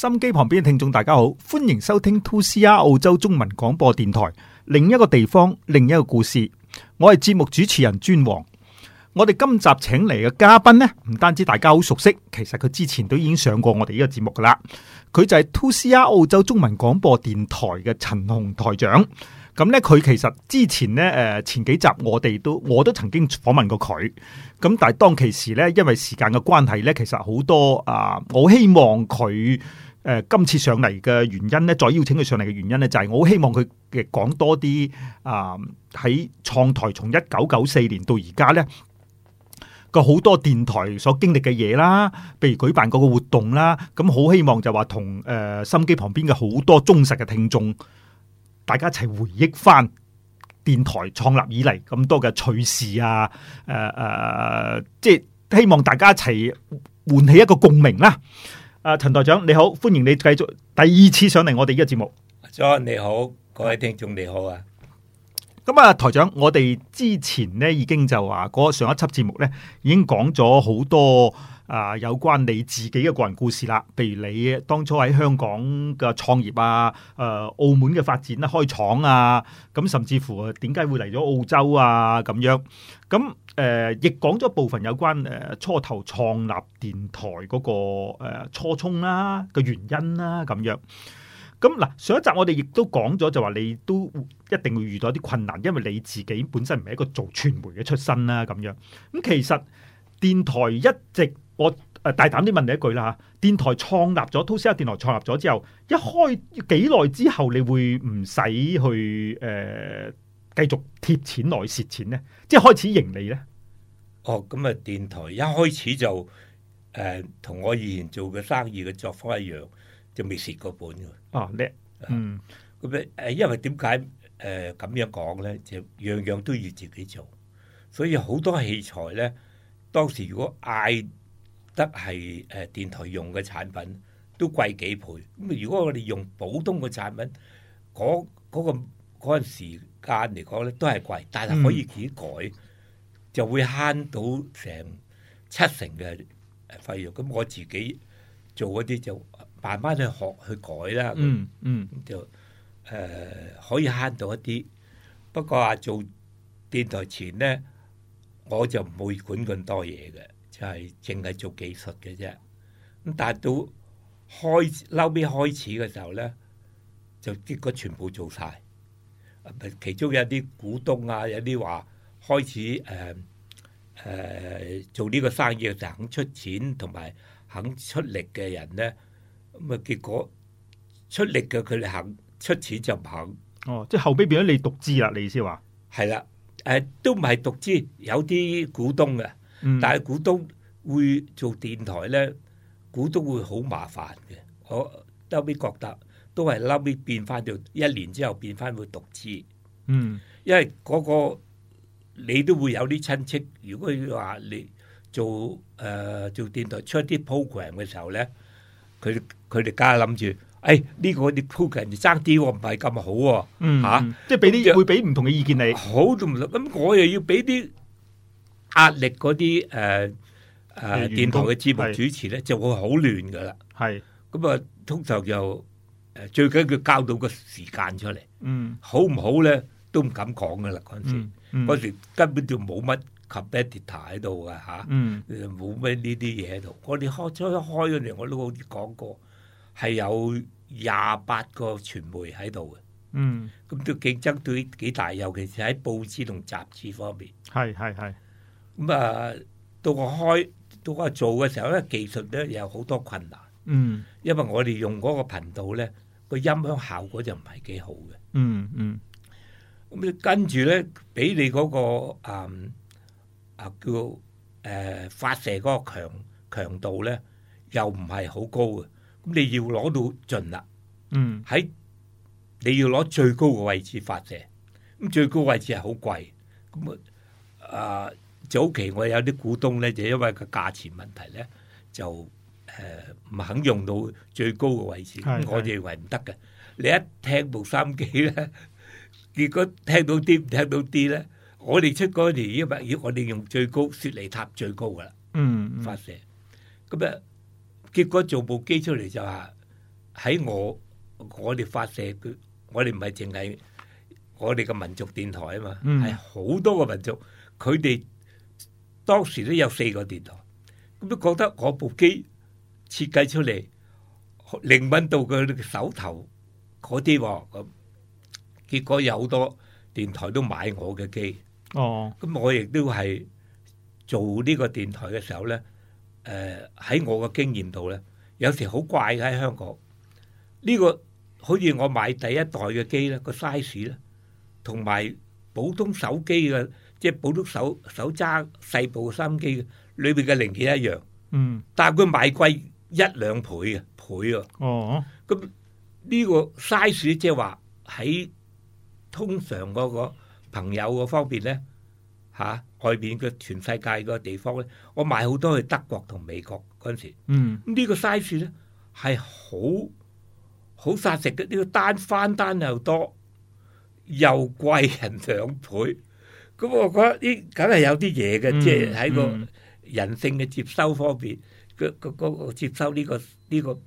心機旁邊嘅聽眾，大家好，歡迎收聽 2CR 澳洲中文廣播電台，另一個地方，另一個故事。我係節目主持人尊王，我哋今集請嚟嘅嘉賓呢，唔單止大家好熟悉，其實佢之前都已經上過我哋呢個節目噶啦。佢就係 2CR 澳洲中文廣播電台嘅陳雄台長。咁呢，佢其實之前呢，誒，前幾集我哋都我都曾經訪問過佢。咁但係當其時呢，因為時間嘅關係呢，其實好多啊，我希望佢。誒、呃，今次上嚟嘅原因咧，再邀請佢上嚟嘅原因咧，就係、是、我好希望佢嘅講多啲啊，喺、呃、創台從一九九四年到而家咧，個好多電台所經歷嘅嘢啦，譬如舉辦嗰個活動啦，咁好希望就話同誒心機旁邊嘅好多忠實嘅聽眾，大家一齊回憶翻電台創立以嚟咁多嘅趣事啊，誒、呃、誒、呃，即係希望大家一齊喚起一個共鳴啦。阿陳、呃、台長你好，歡迎你繼續第二次上嚟我哋呢個節目。早晨、啊、你好，各位聽眾你好啊！咁啊、嗯，台長，我哋之前呢已經就話嗰上一輯節目呢已經講咗好多啊、呃、有關你自己嘅個人故事啦。譬如你當初喺香港嘅創業啊，誒、呃、澳門嘅發展啦、啊，開廠啊，咁、嗯、甚至乎點解會嚟咗澳洲啊，咁樣咁。嗯誒，亦講咗部分有關誒、呃、初頭創立電台嗰、那個、呃、初衷啦，嘅原因啦，咁樣。咁、嗯、嗱，上一集我哋亦都講咗，就話你都一定會遇到啲困難，因為你自己本身唔係一個做傳媒嘅出身啦，咁樣。咁、嗯、其實電台一直，我誒、呃、大膽啲問你一句啦，嚇，電台創立咗，通宵電台創立咗之後，一開幾耐之後，你會唔使去誒？呃繼續貼錢來蝕錢咧，即係開始盈利咧。哦，咁啊，電台一開始就誒，同、呃、我以前做嘅生意嘅作風一樣，就未蝕過本嘅。哦叻、啊，嗯，咁誒、啊，因為點解誒咁樣講咧？就樣樣都要自己做，所以好多器材咧，當時如果嗌得係誒電台用嘅產品，都貴幾倍。咁如果我哋用普通嘅產品，嗰嗰、嗰個。嗰陣時間嚟講咧，都係貴，但係可以自己改，嗯、就會慳到成七成嘅誒費用。咁我自己做嗰啲就慢慢去學去改啦。嗯嗯，嗯就誒、呃、可以慳到一啲。不過啊，做電台前咧，我就唔會管咁多嘢嘅，就係淨係做技術嘅啫。咁但係到開嬲尾開始嘅時候咧，就結果全部做晒。其中有一啲股東啊，有啲話開始誒誒、呃呃、做呢個生意就肯出錢，同埋肯出力嘅人咧，咁啊結果出力嘅佢哋肯出錢就唔肯。哦，即係後尾變咗你獨資啦，你意思話？係啦，誒、呃、都唔係獨資，有啲股東嘅，嗯、但係股東會做電台咧，股東會好麻煩嘅，我都後尾覺得。都係嬲啲，變翻就一年之後變翻會獨資。嗯，因為嗰個你都會有啲親戚。如果話你做誒、呃、做電台出一啲 program 嘅時候咧，佢佢哋家下諗住，誒呢、哎這個啲 program 爭啲唔係咁好、啊，嗯吓、啊嗯，即係俾啲嘢，會俾唔同嘅意見你。好、嗯、同咁，我又要俾啲壓力嗰啲誒誒電台嘅節目主持咧，通就會好亂噶啦。係咁啊，就通常又。最緊要交到個時間出嚟，嗯、好唔好咧都唔敢講噶啦，嗰陣時，嗯嗯、時根本就冇乜 competitor 喺度噶嚇，冇咩呢啲嘢喺度。我哋開初開嗰陣，我都好似講過係有廿八個傳媒喺度嘅，咁對、嗯、競爭對幾大，尤其是喺報紙同雜誌方面，係係係。咁、嗯、啊，到我開到我做嘅時候咧，技術咧有好多困難，嗯、因為我哋用嗰個頻道咧。個音響效果就唔係幾好嘅，嗯嗯，咁你跟住咧，俾你嗰個嗯啊叫誒發射嗰個強強度咧，又唔係好高嘅，咁你要攞到盡啦，嗯，喺你、那個呃呃、你要攞、嗯、最高嘅位置發射，咁最高位置係好貴，咁啊啊早期我有啲股東咧，就因為個價錢問題咧，就。誒，唔肯用到最高嘅位置，我認為唔得嘅。你一聽部三機咧，結果聽到啲唔聽到啲咧，我哋出嗰年一八二，我哋用最高雪梨塔最高噶啦，嗯，發射。咁啊，結果做部機出嚟就話喺我我哋發射，佢我哋唔係淨係我哋嘅民族電台啊嘛，係好多個民族，佢哋當時都有四個電台，咁都覺得我部機。設計出嚟，靈敏到佢手頭嗰啲喎。咁，結果有好多電台都買我嘅機。哦，哦，咁我亦都係做呢個電台嘅時候咧，誒、呃、喺我嘅經驗度咧，有時好怪喺香港。呢、呢個好似我買第一代嘅機咧，個 size 咧，同埋普通手機嘅即係普通手手揸細部嘅收音機裏邊嘅零件一樣。嗯，但係佢賣貴一兩倍啊，倍啊！哦，咁呢個 size 即係話喺通常嗰個朋友個方面咧，嚇、啊、外邊嘅全世界嗰個地方咧，我買好多去德國同美國嗰陣時，嗯，個呢個 size 咧係好好殺食嘅，呢、呢個單翻單又多，又貴人兩倍，咁我覺得呢，梗係有啲嘢嘅，即係喺個人性嘅接收方面。個接收呢、呢個呢、呢個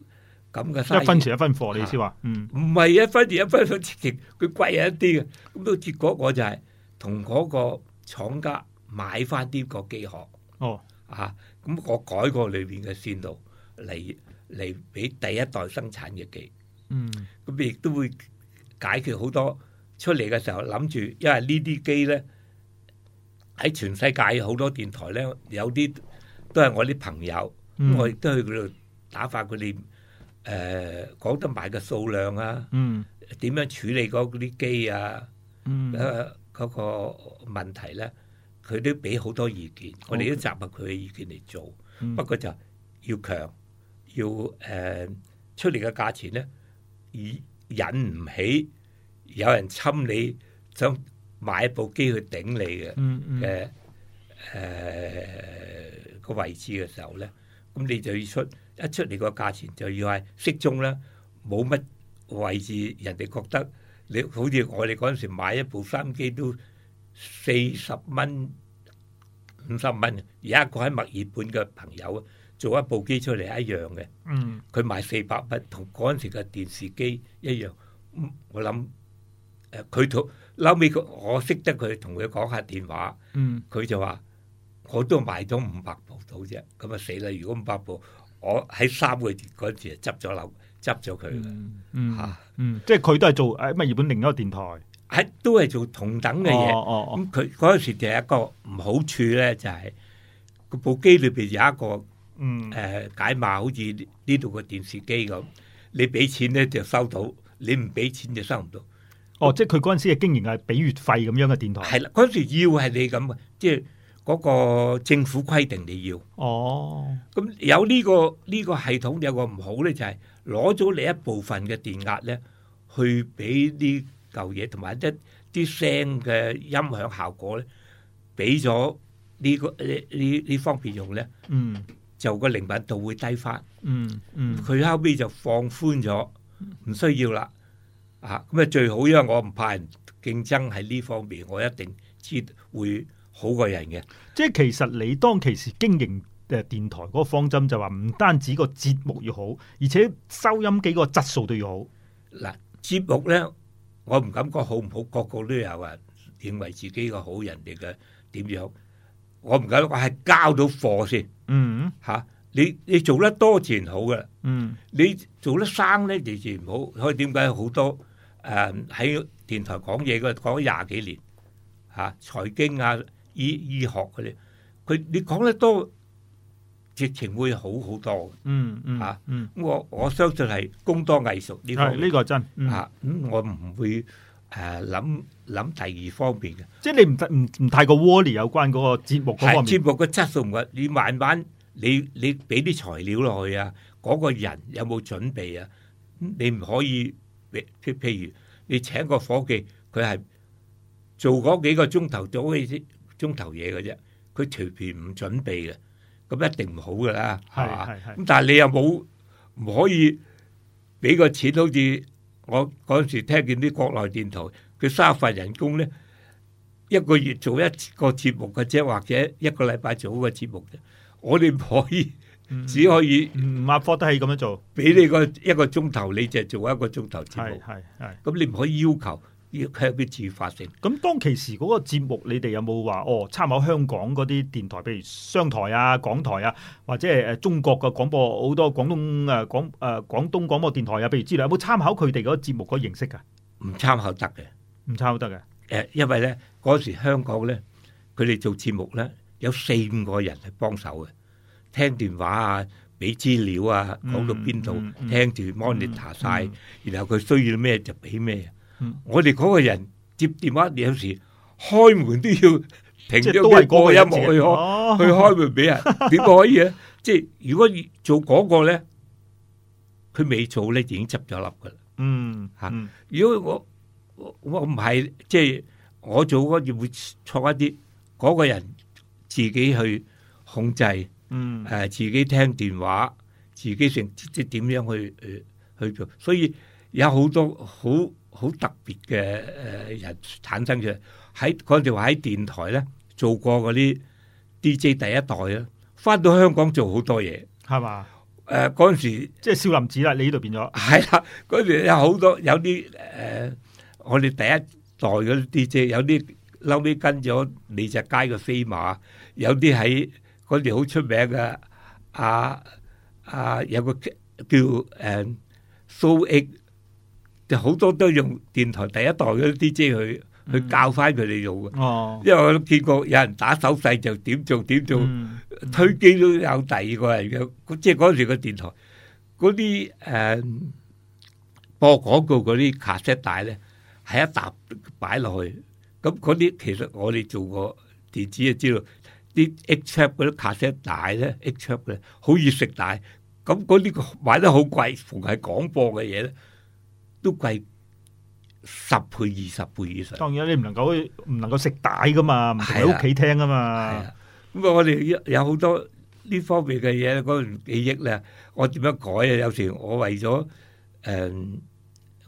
咁嘅一分錢一分貨，啊、你意思話，嗯，唔係一分錢一分貨，直情佢貴一啲嘅。咁到結果我就係同嗰個廠家買翻啲個機殼，哦，啊，咁我改過裏邊嘅線路嚟嚟俾第一代生產嘅機，嗯，咁亦都會解決好多出嚟嘅時候諗住，因為呢啲機咧喺全世界好多電台咧，有啲都係我啲朋友，咁我亦都去度打發佢哋，誒講得埋嘅數量啊，點、嗯、樣處理嗰啲機啊，嗰、嗯呃嗰個問題咧，佢都俾好多意見，Okay. 我哋都集合佢嘅意見嚟做。嗯、不過就要強，要誒、呃、出嚟嘅價錢咧，以引唔起有人侵你，想買一部機去頂你嘅誒誒個位置嘅時候咧。咁你就要出一出嚟個價錢就要係適中啦，冇乜位置人哋覺得你好似我哋嗰陣時買一部三機都四十蚊、五十蚊，而家個喺墨爾本嘅朋友做一部機出嚟一樣嘅，嗯，佢賣四百蚊，同嗰陣時嘅電視機一樣。我諗誒佢同後尾個我識得佢同佢講下電話，嗯，佢就話。我都買咗五百部到啫，咁啊，死啦！如果五百部，我喺三個月嗰陣時就執咗笠，執咗佢啦。嗯，吓、啊嗯，嗯，即係佢都係做喺日本另一個電台，喺都係做同等嘅嘢，哦。哦哦，咁佢嗰陣時就係一個唔好處咧，就係、是、部機裏邊有一個，嗯，誒、呃、解碼，好似呢度個電視機咁，你俾錢咧就收到，你唔俾錢就收唔到。哦，那哦，即係佢嗰陣時嘅經營係俾月費咁樣嘅電台。係啦，嗰陣時要係你咁嘅，即係。即嗰個政府規定你要哦，咁有呢個呢個系統有個唔好咧，就係攞咗你一部分嘅電壓咧，去俾呢嚿嘢同埋一啲聲嘅音響效果咧，俾咗呢個呢呢呢方面用咧，嗯，就個靈敏度會低返，嗯嗯，佢後尾就放寬咗，唔需要啦，嚇咁啊最好，因為我唔怕人競爭喺呢方面，我一定知會。好過人嘅，即係其實你當其時經營誒電台嗰個方針就話唔單止個節目要好，而且收音機個質素都要好。嗱節目咧，我唔感覺好唔好，個個都有話認為自己個好人哋嘅點樣好。我唔覺得我係交到貨先。嗯，吓、啊、你你做得多自然好嘅。嗯，你做得生咧自然唔好。所以點解好多誒喺、呃、電台講嘢佢講咗廿幾年，吓、啊、財經啊。醫醫學嗰啲，佢你講得多，直情會好好多嗯嗯吓，咁、啊、我我相信係工多藝術呢方呢個真。吓、嗯、咁、啊嗯、我唔會誒諗諗第二方面嘅，即係你唔唔唔太過 worry 有關嗰個節目嗰方面。節目嘅質素唔係，你慢慢你你俾啲材料落去啊，嗰個人有冇準備？啊？你唔可以譬如你請個夥計，佢係做嗰幾個鐘頭，做嗰啲。鐘頭嘢嘅啫，佢隨便唔準備嘅，咁一定唔好噶啦，係嘛？咁吧、嗯、但係你又冇唔可以俾個錢，好似我嗰時聽見啲國內電台，佢三份人工咧，一個月做一個節目嘅啫，或者一個禮拜做一個節目嘅。我哋唔可以只可以唔 afford 都係咁樣做，俾、嗯、你個一個鐘頭，你就做一個鐘頭節目，係係咁，你唔可以要求。越吃越自發性。咁當其時嗰個節目，你哋有冇話，哦、參考香港嗰啲電台，譬如商台啊、港台啊，或者係誒中國嘅廣播好多廣東誒廣誒廣東廣播電台啊，譬如資料有冇參考佢哋嗰個節目嗰形式㗎？唔參考得嘅，唔參考得嘅。誒，因為咧嗰時香港咧，佢哋做節目咧有四五個人嚟幫手嘅，聽電話啊，俾資料啊，講到邊度聽住 monitor 曬，然後佢需要咩就俾咩。我哋嗰個人接電話有時開門都要停咗個音樂去開，哦、去開門俾人點 可以啊？即係如果做嗰個咧，佢未做咧已經執咗笠噶啦。嗯，吓，如果我我唔係即係我做嗰陣會錯一啲，嗰、那個人自己去控制，嗯誒、呃、自己聽電話，自己成即係點樣去去做，所以有好多好。好特別嘅，誒人產生出嚟，喺嗰時話喺電台咧做過嗰啲 DJ 第一代啊，返到香港做好多嘢，係嘛吧？誒嗰陣時即係少林寺啦，你呢度變咗係啦。嗰時有好多有啲誒、呃，我哋第一代嗰啲 DJ，有啲嬲尾跟咗李石佳嘅飛馬，有啲喺嗰條好出名嘅啊啊，有個叫誒蘇億。嗯就好多都用電台第一代嗰啲 DJ 去去教翻佢哋用嘅，因為我見過有人打手勢就點做點做，推機都有第二個人嘅。即係嗰時個電台嗰啲誒播廣告嗰啲卡式帶咧，係一沓擺落去。咁嗰啲其實我哋做過電子就知道啲 HCD 嗰啲卡式帶咧，HCD 咧好易食帶。咁嗰啲買得好貴，逢係廣播嘅嘢咧。都貴十倍、二十倍以上。當然你唔能夠唔能夠食大噶嘛，唔喺屋企聽啊嘛。咁我哋有好多呢方面嘅嘢，嗰個記憶咧，我點樣改啊？有時我為咗誒，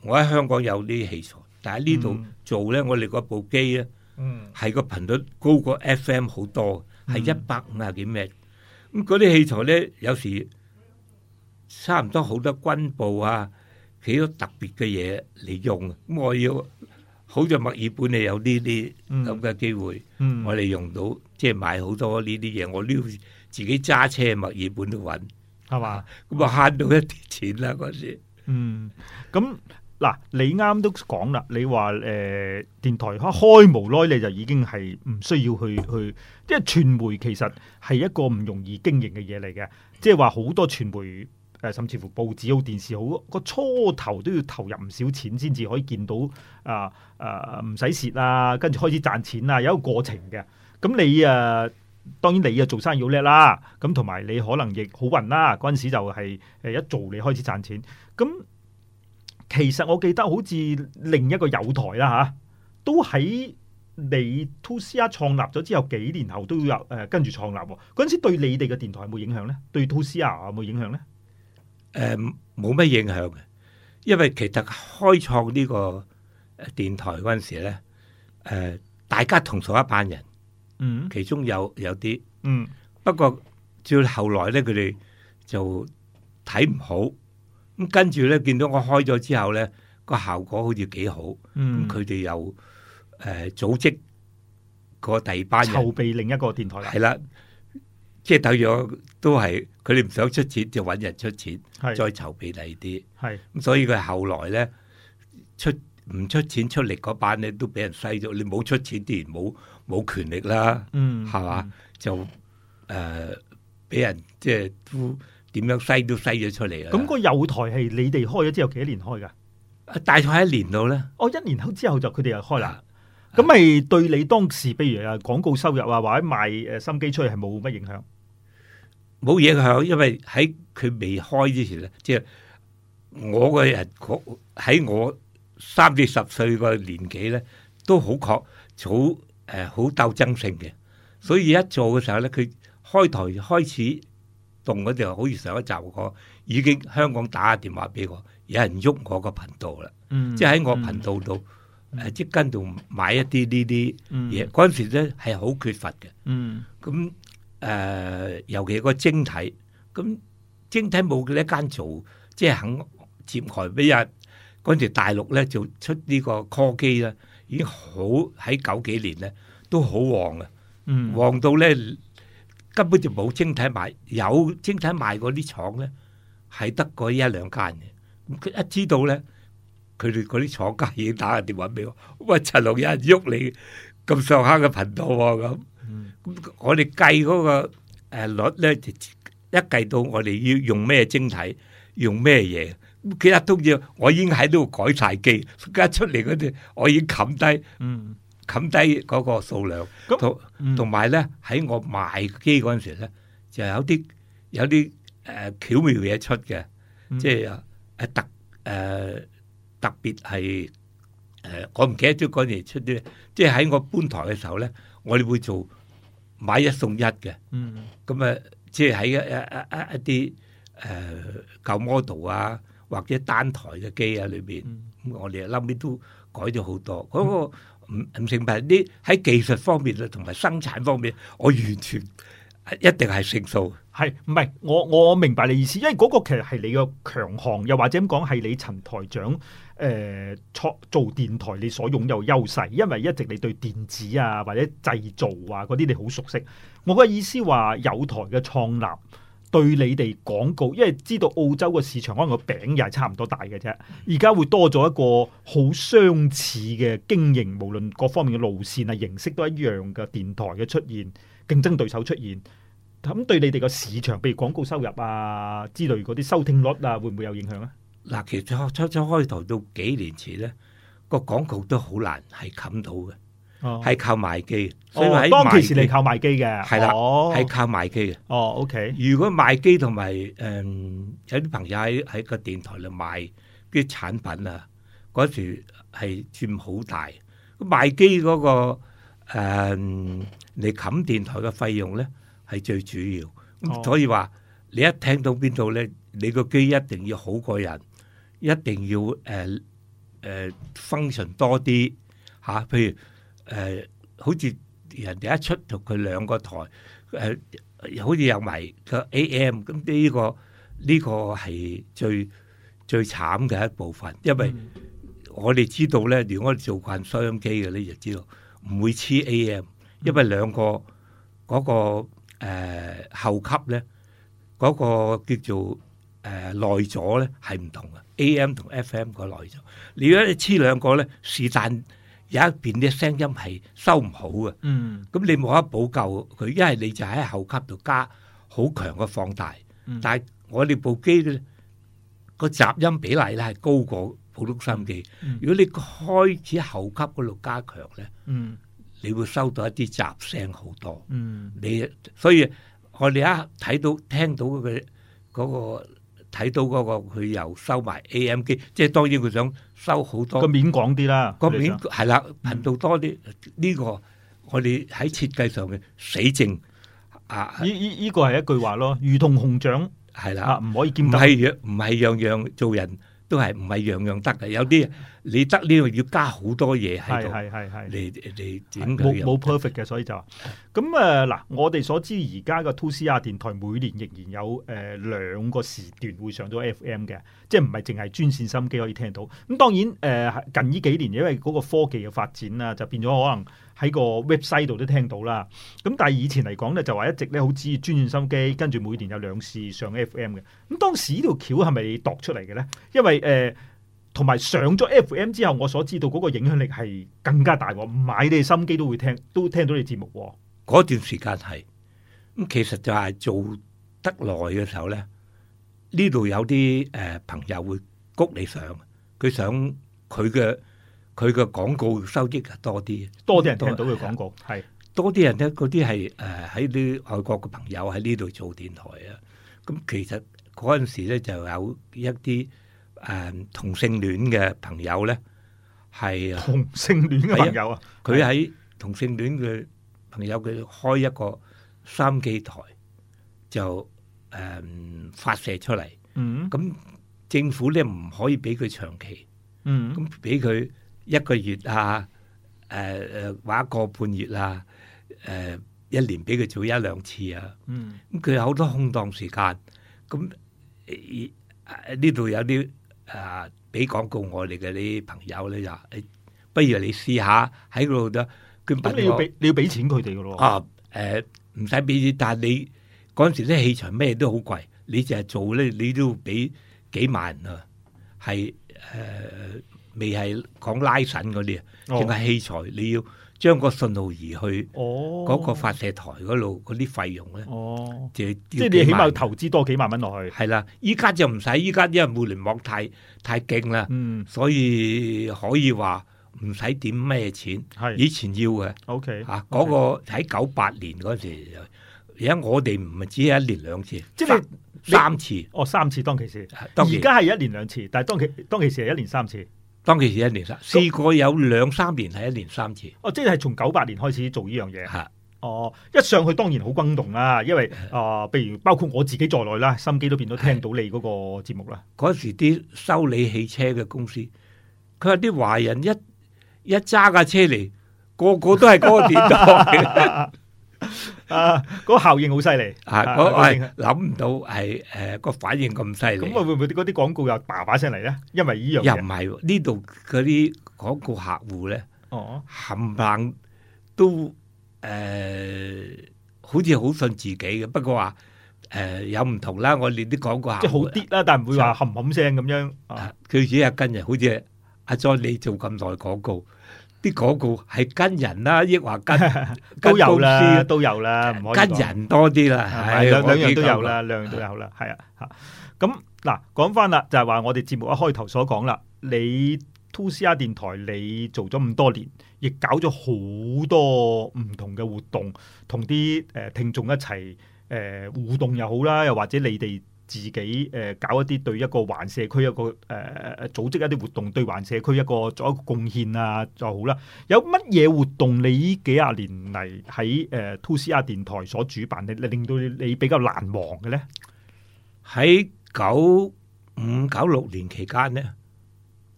我喺香港有啲器材，但喺呢度做咧，我哋嗰部機咧，嗯，係個頻率高過 FM 好多，係一百五十幾米。咁嗰啲器材咧，有時差唔多好多軍部啊。幾多特別嘅嘢你用，咁我要，好似墨爾本你有呢啲咁嘅機會，嗯、我哋用到即係、就是、買好多呢啲嘢，我都要自己揸車去墨爾本度揾，係嘛吧？咁啊慳到一啲錢啦嗰時。嗯，咁嗱，你啱都講啦，你話誒、呃、電台開無耐你就已經係唔需要去去，即係傳媒其實係一個唔容易經營嘅嘢嚟嘅，即係話好多傳媒。誒，甚至乎報紙好，電視好，個初頭都要投入唔少錢，先至可以見到啊啊，唔使蝕啊，跟、呃、住開始賺錢啊，有一個過程嘅。咁你誒、呃，當然你啊，做生意好叻啦。咁同埋你可能亦好運啦，嗰陣時就係誒一做你開始賺錢。咁其實我記得好似另一個友台啦嚇、啊，都喺你 2CR 創立咗之後幾年後都要誒跟住創立嗰陣時，對你哋嘅電台有冇影響咧？對 2CR 有冇影響咧？誒，冇咩、呃、影響嘅，因為其實開創呢個電台嗰陣時咧，誒、呃，大家同屬一班人，嗯，其中有有啲，嗯，不過最後來咧，佢哋就睇唔好，咁跟住咧，見到我開咗之後咧，個效果好似幾好，咁佢哋又誒、呃、組織個第二班人籌備另一個電台啦，係啦，即係等於都係。佢哋唔想出錢就揾人出錢，是再籌備第二啲。係咁、嗯，所以佢後來咧出唔出錢出力嗰班咧都俾人篩咗。你冇出錢自然冇冇權力啦。嗯，係嘛就誒俾、嗯呃、人即係都點樣篩都篩咗出嚟啦。咁、嗯那個有台係你哋開咗之後幾年開噶？大概一年度咧。哦，一年後之後就佢哋又開啦。咁咪、啊啊、對你當時譬如啊廣告收入啊或者賣誒心機出去係冇乜影響？冇影響，因為喺佢未開之前咧，即係我個人喺我三至十歲個年紀咧，都好確好誒好鬥爭性嘅。所以一做嘅時候咧，佢開台開始動嗰陣，好似上一集講，已經香港打電話俾我，有人喐我個頻道啦。嗯、即係喺我頻道度誒、嗯呃，即跟度買一啲、嗯、呢啲嘢。嗰陣時咧係好缺乏嘅。嗯，咁、嗯。誒、呃，尤其嗰晶體，咁、嗯嗯、晶體冇佢一間做，即係肯接台俾人。嗰陣大陸咧就出呢個科技啦，已經好喺九幾年咧都好旺嘅，旺到咧根本就冇晶體賣，有晶體賣嗰啲廠咧係得嗰一兩間嘅。咁佢一知道咧，佢哋嗰啲廠家已經打個電話俾我，喂，陳雄，有人喐你咁上坑嘅頻道咁、哦。我哋計嗰個誒率咧，一計到我哋要用咩晶體，用咩嘢，其實都要。我已經喺度改晒機，而家出嚟嗰啲我已經冚低，嗯，冚低嗰個數量。咁同同埋咧，喺我賣機嗰陣時咧，就有啲有啲誒、呃、巧妙嘢出嘅，即係誒特誒、呃、特別係誒、呃，我唔記得咗嗰年出啲，即係喺我搬台嘅時候咧，我哋會做。買一送一嘅，咁啊、嗯，即係喺一一一一啲誒舊 model 啊，或者單台嘅機啊裏面，嗯、我哋啊諗啲都改咗好多。嗰、嗯、個唔吳成平啲喺技術方面啊，同埋生產方面，我完全。一定係勝數，係唔係？我我明白你意思，因為嗰個其實係你嘅強項，又或者咁講，係你陳台長誒創、呃、做電台你所擁有優勢，因為一直你對電子啊或者製造啊嗰啲你好熟悉。我嘅意思話有台嘅創立，對你哋廣告，因為知道澳洲個市場可能個餅又係差唔多大嘅啫，而家會多咗一個好相似嘅經營，無論各方面嘅路線啊形式，都一樣嘅電台嘅出現。競爭對手出現，咁對你哋個市場，譬如廣告收入啊之類嗰啲收聽率啊，會唔會有影響啊？嗱，其實初初開頭到幾年前咧，個廣告都好難係冚到嘅，係靠賣機，所以喺當其時你靠賣機嘅，係啦，係靠賣機嘅。哦，OK。如果賣機同埋誒有啲朋友喺喺個電台度賣啲產品啊，嗰時係佔好大。賣機嗰個。誒，你冚電台嘅費用咧係最主要，所以話你一聽到邊度咧，你個機一定要好過人，一定要誒誒 function 多啲嚇。譬如誒，好似人哋一出同佢兩個台誒，好似有埋個 AM，咁呢個呢個係最最慘嘅一部分，因為我哋知道咧，如果我哋做慣收音機嘅咧，你就知道。唔會黐 AM，因為兩個嗰個誒後級咧，嗰個叫做誒內阻咧係唔同嘅。AM 同 FM 個內阻，如果你黐兩個咧，是但有一邊啲聲音係收唔好嘅。嗯，咁你冇得補救佢，一係你就喺後級度加好強嘅放大。但係我哋部機嘅咧個雜音比例咧係高過普通心機，嗯、如果你開始後級嗰度加強咧，嗯、你會收到一啲雜聲好多。嗯、你所以我哋一睇到聽到嘅嗰、嗰個睇到嗰個佢又收埋 AM 機，即係當然佢想收好多個面廣啲啦，個面係啦，頻道多啲。呢、嗯、個我哋喺設計上嘅死症啊，依依依個係一句話咯，如同熊掌係啦，唔的、啊、可以兼得。唔係唔係樣各樣做人。都係唔係樣樣得嘅，有啲你得呢個要加好多嘢喺度，係係係，你你冇冇 perfect 嘅，所以就咁誒嗱，我哋所知而家嘅 2CR 電台每年仍然有誒、呃、兩個時段會上到 F M 嘅，即係唔係淨係專線收音機可以聽到。咁當然誒、呃、近呢幾年，因為嗰個科技嘅發展啦、啊，就變咗可能。喺個 website 度都聽到啦，咁但係以前嚟講咧，就話一直咧好注意轉換收音機，跟住每年有兩次上 FM 嘅。咁當時條是是呢條橋係咪度出嚟嘅咧？因為誒，同、呃、埋上咗 FM 之後，我所知道嗰個影響力係更加大喎。買你收音機都會聽，都聽到你節目、喔。嗰段時間係咁，其實就係做得耐嘅時候咧，呢度有啲誒、呃、朋友會谷你上，佢想佢嘅。佢嘅廣告收益啊多啲，多啲人聽到佢廣告，係多啲是人咧，嗰啲係誒喺啲外國嘅朋友喺呢度做電台啊。咁、嗯、其實嗰陣時咧就有一啲誒、呃、同性戀嘅朋友咧，係同性戀嘅朋友啊，佢喺是同性戀嘅朋友佢開一個三機台就誒、呃、發射出嚟，咁、嗯、政府咧唔可以俾佢長期，嗯，咁俾佢。一個月啊，誒、呃、誒，話個半月啊，誒、呃、一年俾佢做一兩次啊。嗯，咁佢有好多空檔時間，咁呢度有啲誒俾廣告我哋嘅啲朋友咧就、欸，不如你試下喺嗰度得。咁你要俾你要俾錢佢哋嘅咯。啊，誒唔使俾錢，但係你嗰陣時啲器材咩都好貴，你淨係做咧你都要俾幾萬啊，係誒。呃未係講拉筍嗰啲啊，淨係、哦、器材你要將個信號移去嗰個發射台嗰度嗰啲費用咧，哦、即係即係你起碼要投資多幾萬蚊落去。係啦，依家就唔使，依家因為互聯網太太勁啦，嗯、所以可以話唔使點咩錢。係是以前要嘅。O K 嚇，嗰、嗰個喺九八年嗰時，而家我哋唔係只係一年兩次，即係三次。哦，三次當其時，而家係一年兩次，但係當其時當其時係一年三次。當其時一年三，試過有兩三年係一年三次。三三次哦，即係從九八年開始做呢樣嘢。係是，哦、呃，一上去當然好轟動啦、啊，因為啊，譬、呃、如包括我自己在內啦，心機都變咗聽到你嗰個節目啦。嗰時啲修理汽車嘅公司，佢話啲華人一，一揸架車嚟，個個都係嗰個年代。 uh, 個啊！效應好犀利吓，我諗唔到係誒、 呃嗰個反應咁犀利。咁啊會唔會啲廣告又叭叭聲嚟咧？因為呢樣又唔係呢度嗰啲廣告客戶咧，冚唪唥、哦、都誒、呃，好似好信自己嘅。不過話誒、呃、有唔同啦，我哋啲廣告客即係好啲啦，但係唔會話冚冚聲咁樣。佢自己係跟人，好似阿 JO，你做咁耐廣告。啲港股係跟人啦，抑或跟，跟公司 都有啦，都有唔可以跟人多啲啦。哎、兩兩樣都有啦，的兩樣都有啦，係啊嚇。咁嗱的，講翻啦，就係、係、話我哋節目一開頭所講啦，你 2CR 電台，你做咗咁多年，亦搞咗好多唔同嘅活動，同啲誒聽眾一齊誒、呃、互動又好啦，又或者你哋。自己誒、呃、搞一啲對一個環社區一個誒、呃、組織一啲活動，對環社區一個做一個貢獻啊，就好啦。有乜嘢活動你依幾廿年嚟喺誒 2CR 電台所主辦，令令到你比較難忘嘅咧？喺九五九六年期間呢，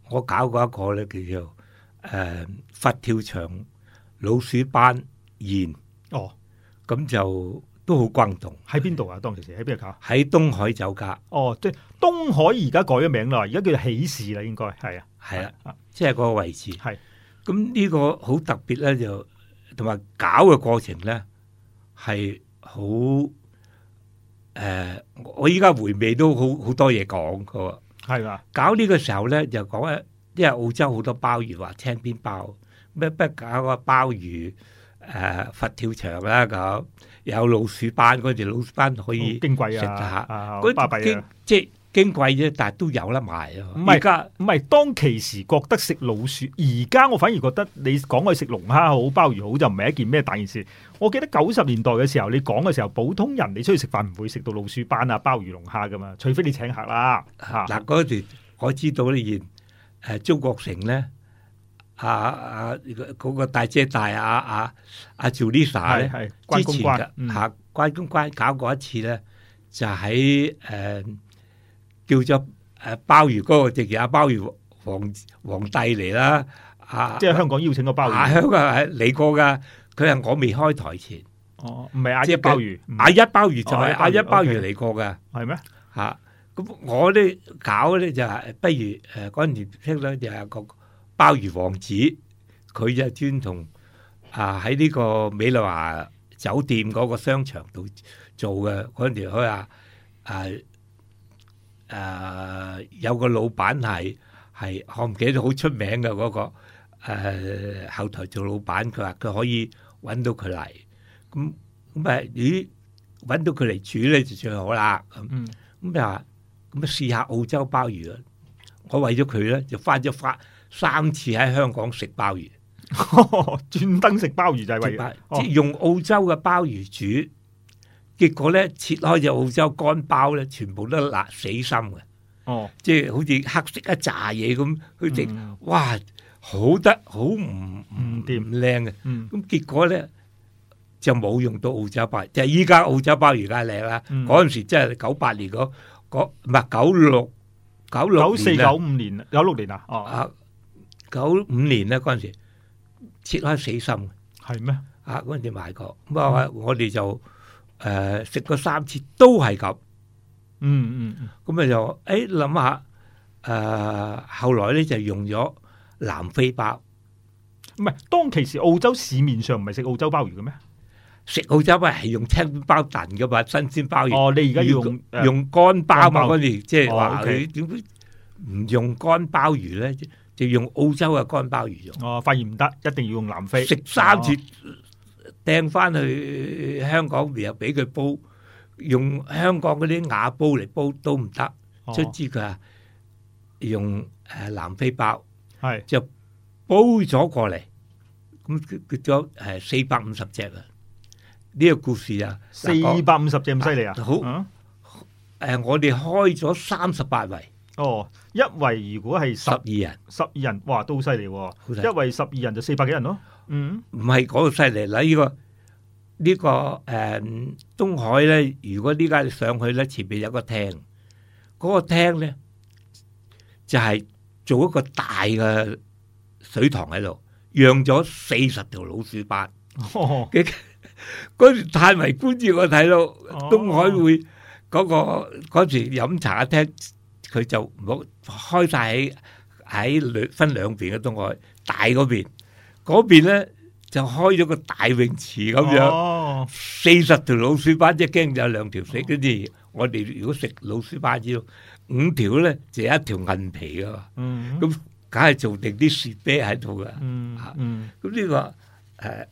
我搞過一個咧，叫做誒、呃、佛跳牆老鼠班宴。哦，咁就。都好轟動，喺邊度啊？當其時喺邊度搞？喺東海酒家。哦，即係東海而家改咗名啦，而家叫做喜事啦，應該係啊，係啊，即係、啊、個位置。係、啊。咁呢個好特別咧，就同埋搞嘅過程咧係好誒，我依家回味都好好多嘢講嘅。係啦、啊。搞呢個時候咧，就講咧，因為澳洲好多鮑魚話青邊鮑，咩不搞個鮑魚？誒佛跳牆啦，咁有老鼠斑，嗰啲老鼠斑可以矜貴啊食下，好巴閉啊！即係矜貴啫，但係都有得賣咯。唔係，唔係當其時覺得食老鼠，而家我反而覺得你講佢食龍蝦好、鮑魚好，就唔係一件咩大件事。我記得九十年代嘅時候，你講嘅時候，普通人你出去食飯唔會食到老鼠斑啊、鮑魚、龍蝦噶嘛，除非你請客啦嚇。嗱嗰段我知道咧，現誒周國成咧。啊啊！嗰個大姐大阿阿阿趙 Lisa 咧，之前啊關公關搞過一次咧，就喺誒叫咗誒鮑魚哥，直情阿鮑魚皇皇帝嚟啦。阿即係香港邀請個鮑魚香港係嚟過噶，佢係我未開台前哦，唔係阿一鮑魚，阿一鮑魚就係阿一鮑魚嚟過噶，係咩？吓咁我咧搞咧就係不如誒嗰陣時聽咧就係個。鮑魚王子，佢就專同啊喺呢個美麗華酒店嗰個商場度做嘅。嗰陣時佢話，誒、呃、誒、呃，有個老闆係係，我唔記得好出名嘅嗰、那個誒、呃、後台做老闆。佢話佢可以搵到佢嚟，咁咁誒，咦搵到佢嚟煮咧就最好啦。咁咁又咁啊試下澳洲鮑魚啊！我為咗佢咧就翻咗翻。三次喺香港食鮑魚，專登食鮑魚就係為即係用澳洲嘅鮑魚煮，結果咧切開隻澳洲乾鮑咧，全部都辣死心嘅。哦，即係好似黑色一炸嘢咁，佢食、嗯、哇好得好唔唔掂唔靚嘅。咁、嗯、結果咧就冇用到澳洲鮑，就係依家澳洲鮑魚梗係靚啦。嗰陣、嗯、時即係九八年嗰唔係九六九六九四九五年九六年啊。哦。九五年咧嗰陣時切開死心，係咩？啊嗰陣時買過，咁啊、嗯、我哋就誒食、呃、過三次都係咁，嗯嗯咁、嗯、啊就誒諗下誒後來咧就用咗南非鮑，唔係當其時澳洲市面上唔係食澳洲鮑魚嘅咩？食澳洲鮑係用青鮑燉嘅嘛，新鮮鮑魚。哦，你而家用要用乾鮑嘛嗰陣，即係話佢點解唔用乾鮑魚咧？就用澳洲嘅乾鮑魚用，哦，發現唔得，一定要用南非。食三次掟翻、哦、去香港然後俾佢煲，用香港嗰啲瓦煲嚟煲都唔得。哦、出知佢啊，用誒南非鮑，係是就煲咗過嚟。咁佢咗誒四百五十隻啊！呢、這個故事啊，四百五十隻咁犀利啊！好，誒、嗯呃，我哋開咗三十八圍。哦，一圍如果係十二人，十二人，哇，都犀利。一圍十二人就四百幾人咯。嗯，唔係講到犀利啦。呢個呢個誒，東海咧，如果呢家上去咧，前邊有個廳，嗰個廳咧就係做一個大嘅水塘喺度，養咗四十條老鼠斑。哦，嗰時嘆為觀止，我睇到東海會嗰個嗰時飲茶廳。佢就唔好開晒喺，喺分兩邊嘅東海大嗰邊，嗰邊咧就開咗個大泳池咁樣，四十條老鼠斑，一驚就有兩條死。跟住我哋如果食老鼠斑要五條咧，就係一條銀皮噶嘛。咁梗係做定啲雪啤喺度噶。咁呢個係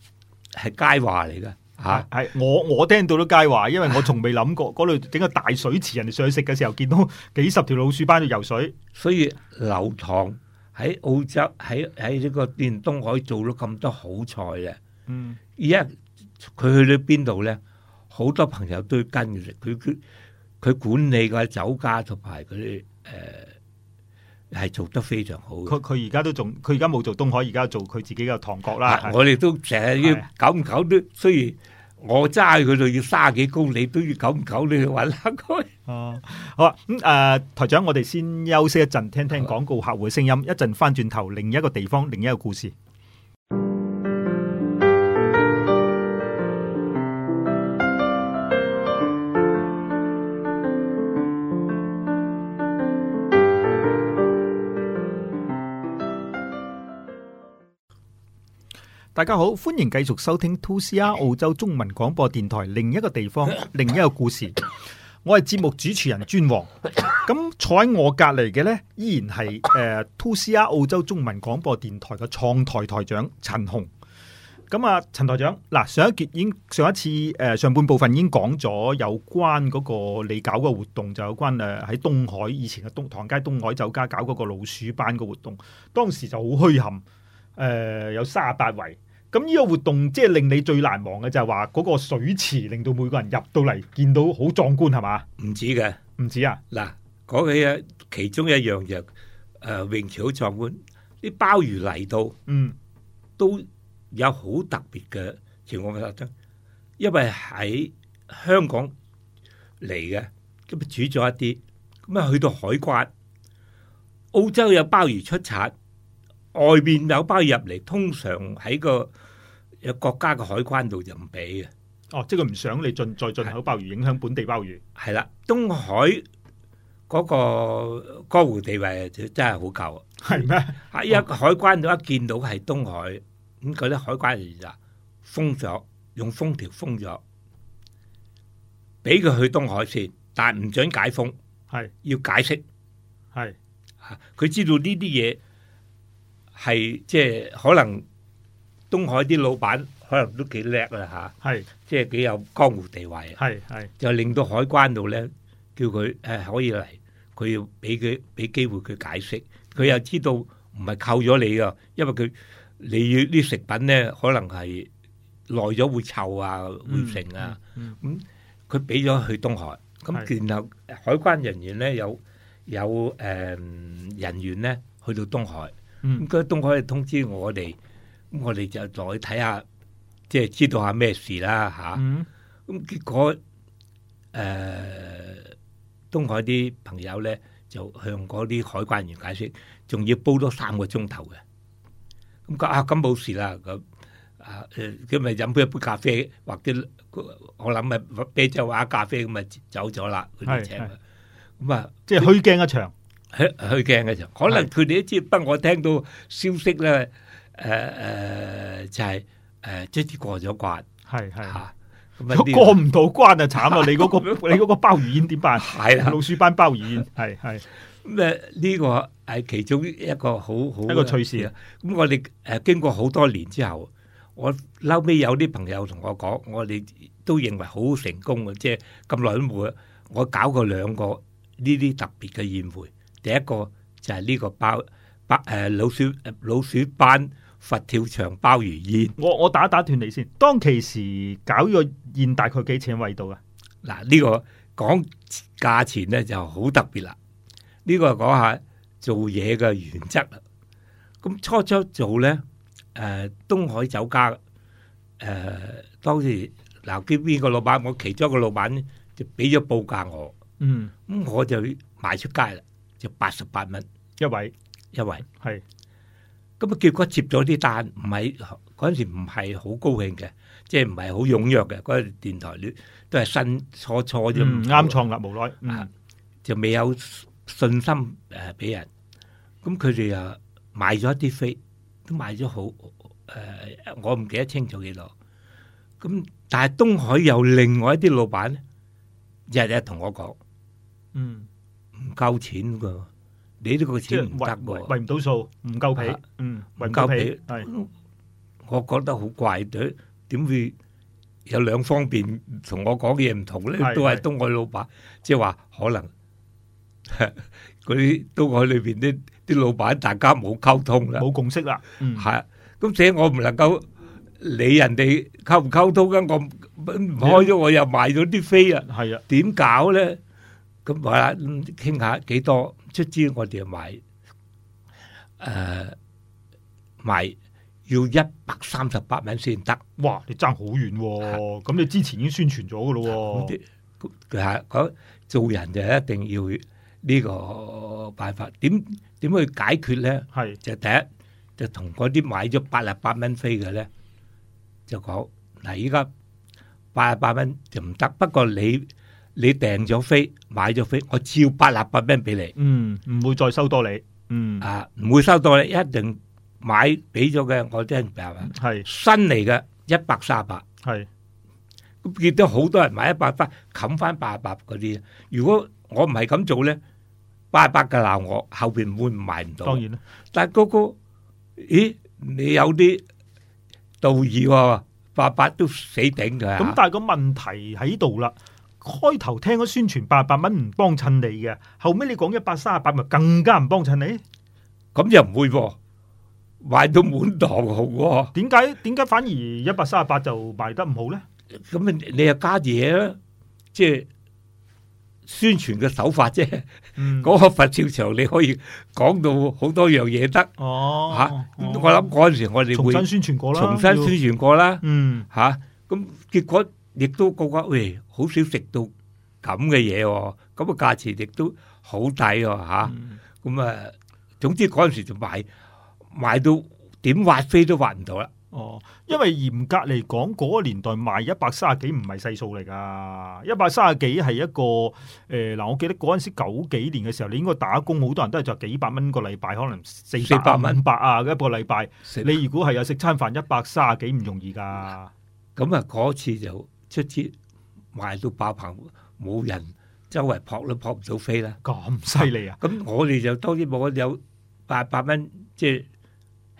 係佳話嚟噶。吓係。哈我我聽到都佳話，因為我從未諗過嗰度整個大水池，人哋上去食嘅時候見到幾十條老鼠斑喺度游水。所以流唐喺澳洲喺喺呢個東東海做咗咁多好菜咧。嗯，而家佢去到邊度咧，好多朋友都要跟住食。佢佢佢管理個酒家同埋嗰啲誒。呃係做得非常好。佢佢而家都仲，佢而家冇做東海，而家做佢自己嘅唐國啦。我哋都成日要久唔久都，雖然我揸佢就要卅幾公里，都要久唔久你去揾下佢。哦、嗯， 好啊。咁、嗯、誒、呃，台長，我哋先休息一陣，聽聽廣告客戶嘅聲音，嗯、一陣翻轉頭，另一個地方，另一個故事。大家好，歡迎繼續收聽 Two C R 澳洲中文廣播電台另一個地方，另一個故事。我係節目主持人尊王，咁坐喺我隔籬嘅呢，依然係誒 Two C R 澳洲中文廣播電台嘅創台台長陳雄。咁啊，陳台長，嗱，上一節已經上一次誒上半部分已經講咗有關嗰個你搞嘅活動，就有關誒喺東海以前嘅東唐街東海酒家搞嗰個老鼠班嘅活動，當時就好墟冚，誒、呃、有三十八圍。咁呢個活動即係令你最難忘嘅就係話嗰個水池令到每個人入到嚟見到好壯觀係嘛？唔止嘅，唔止啊！嗱，講起嘢其中一樣就誒、是呃、泳池好壯觀，啲鮑魚嚟到，嗯，都有好特別嘅情況發生，因為喺香港嚟嘅今日煮咗一啲，咁啊去到海關澳洲有鮑魚出產，外邊有鮑魚入嚟，通常喺個有國家嘅海關度就唔俾嘅。哦，即係佢唔想你進再進口鮑魚，的影響本地鮑魚。係啦，東海嗰個江湖地位真係好夠。係咩？喺嗎一海 個海關度一見到係東海，咁佢咧海關就封咗，用條封條封咗，俾佢去東海先。但係唔准解封。係的要解釋。係的，佢的知道呢啲嘢。係即係可能東海啲老闆可能都幾叻啦嚇，係是即係幾有江湖地位啊！係係就令到海關度咧，叫佢誒可以嚟，佢要俾佢俾機會佢解釋，佢又知道唔係扣咗你噶，因為佢你要啲食品咧，可能係耐咗會臭啊、嗯、會剩啊，咁佢俾咗去東海，咁是然後海關人員咧有有誒、呃、人員咧去到東海。咁佢、嗯、東海通知我哋，我哋就再睇下，即、就、係、是、知道下咩事啦嚇。咁、嗯啊、結果，誒、呃、東海啲朋友咧就向嗰啲海關員解釋，仲要煲多三個鐘頭嘅。咁啊，咁冇事啦。咁啊，佢咪飲杯一杯咖啡，或者我諗係啤酒或者咖啡咁啊，走咗啦。係係是。咁啊、嗯，即係虛驚一場。去驚嘅時候，可能佢哋一知不我聽到消息咧，誒誒的、呃、就係、是、誒、呃、即係過咗關，係係吓，過唔到關就慘啦、 那個！你嗰個你嗰個鮑魚宴點辦？係啦的，老鼠斑鮑魚宴，係係咁誒，呢、嗯嗯這個係其中一個好好一個趣事啊！咁、嗯嗯嗯、我哋誒經過好多年之後，我後尾有啲朋友同我講，我哋都認為好成功嘅，即係咁耐都冇我搞過兩個呢啲特別嘅宴會。第一個就係呢個包白誒、呃、老鼠、呃、老鼠斑佛跳牆鮑魚宴。我我打打斷你先。當其時搞咗宴大概幾味道、這個、錢位度啊？嗱呢、這個講價錢咧就好特別啦。呢個講下做嘢嘅原則。咁初初做咧誒、呃，東海酒家誒、呃，當時嗱邊邊個老闆，我其中一個老闆就俾咗報價我。嗯，咁我就賣出街啦。就八十八蚊一位，一位係咁啊！結果接咗啲單，唔係嗰陣時唔係好高興嘅，即係唔係好踴躍嘅。嗰陣電台都係新初初啲，唔啱創立，無奈啊，就未有信心誒俾人。咁佢哋又買咗一啲飛，都買咗好誒，我唔記得清楚幾多。咁但係東海有另外一啲老闆咧，日日同我講，嗯。唔夠錢噶，你呢個錢唔得喎，圍唔到數，唔夠皮，嗯，圍唔夠皮，我覺得好怪，點點會有兩方面同我講嘅嘢唔同咧？都係東海老闆，即係話可能嗰啲東海裏邊啲啲老闆，大家冇溝通啦，冇共識啦，係，咁所以我唔能夠理人哋溝唔溝通噶，我唔開咗我又賣咗啲飛啊，係啊，點搞咧？咁話啦，傾下幾多出資？我哋買誒、呃、買要一百三十八蚊先得。哇！你爭好遠喎、哦！咁、啊、你之前已經宣傳咗嘅咯喎。啲係做人就一定要呢個辦法。點點去解決咧？係是就第一就同嗰啲買咗八十八蚊飛嘅咧，就講嗱，依家八十八蚊就唔得。不過你你訂咗飛，買咗飛，我照八百八蚊俾你，嗯，唔會再收多你，嗯，啊，唔會收多你，一定買俾咗嘅，我真係，係嘛，係新嚟嘅一百三十八，係咁見到好多人買一百八，冚翻八百嗰啲，如果我唔係咁做咧，八百嘅鬧我，後邊會買唔到，當然啦。但係嗰個，咦，你有啲道義喎，八百都死頂嘅，咁但係個問題喺度啦。開頭聽咗宣傳八百蚊唔幫襯你嘅，後尾你講一百三十八咪更加唔幫襯你？咁又唔會喎，賣到滿堂紅。點解？點解反而一百三十八就賣得唔好咧？咁啊，你又加嘢啦，即係宣傳嘅手法啫。嗰個佛跳牆你可以講到好多樣嘢得。哦，吓，我諗嗰陣時我哋會重新宣傳過啦，重新宣傳過啦。嗯，吓，咁結果。亦都覺得，喂、哎，好少食到咁嘅嘢喎，咁個價錢亦都好抵喎嚇。咁啊、嗯嗯，總之嗰陣時就買買到點挖飛都挖唔到啦。哦，因為嚴格嚟講，嗰、那個年代賣一百三十幾唔係細數嚟㗎，一百三十幾係一個誒嗱、呃。我記得嗰陣時九幾年嘅時候，你應該打工好多人都係就幾百蚊個禮拜，可能四四百蚊五百啊一個禮拜。百你如果係有食餐飯一百三十幾唔容易㗎。咁啊嗰次就～出錢賣到爆棚，冇人周圍撲都撲唔到飛啦！咁犀利啊！咁、啊、我哋就當然冇有八百蚊，即係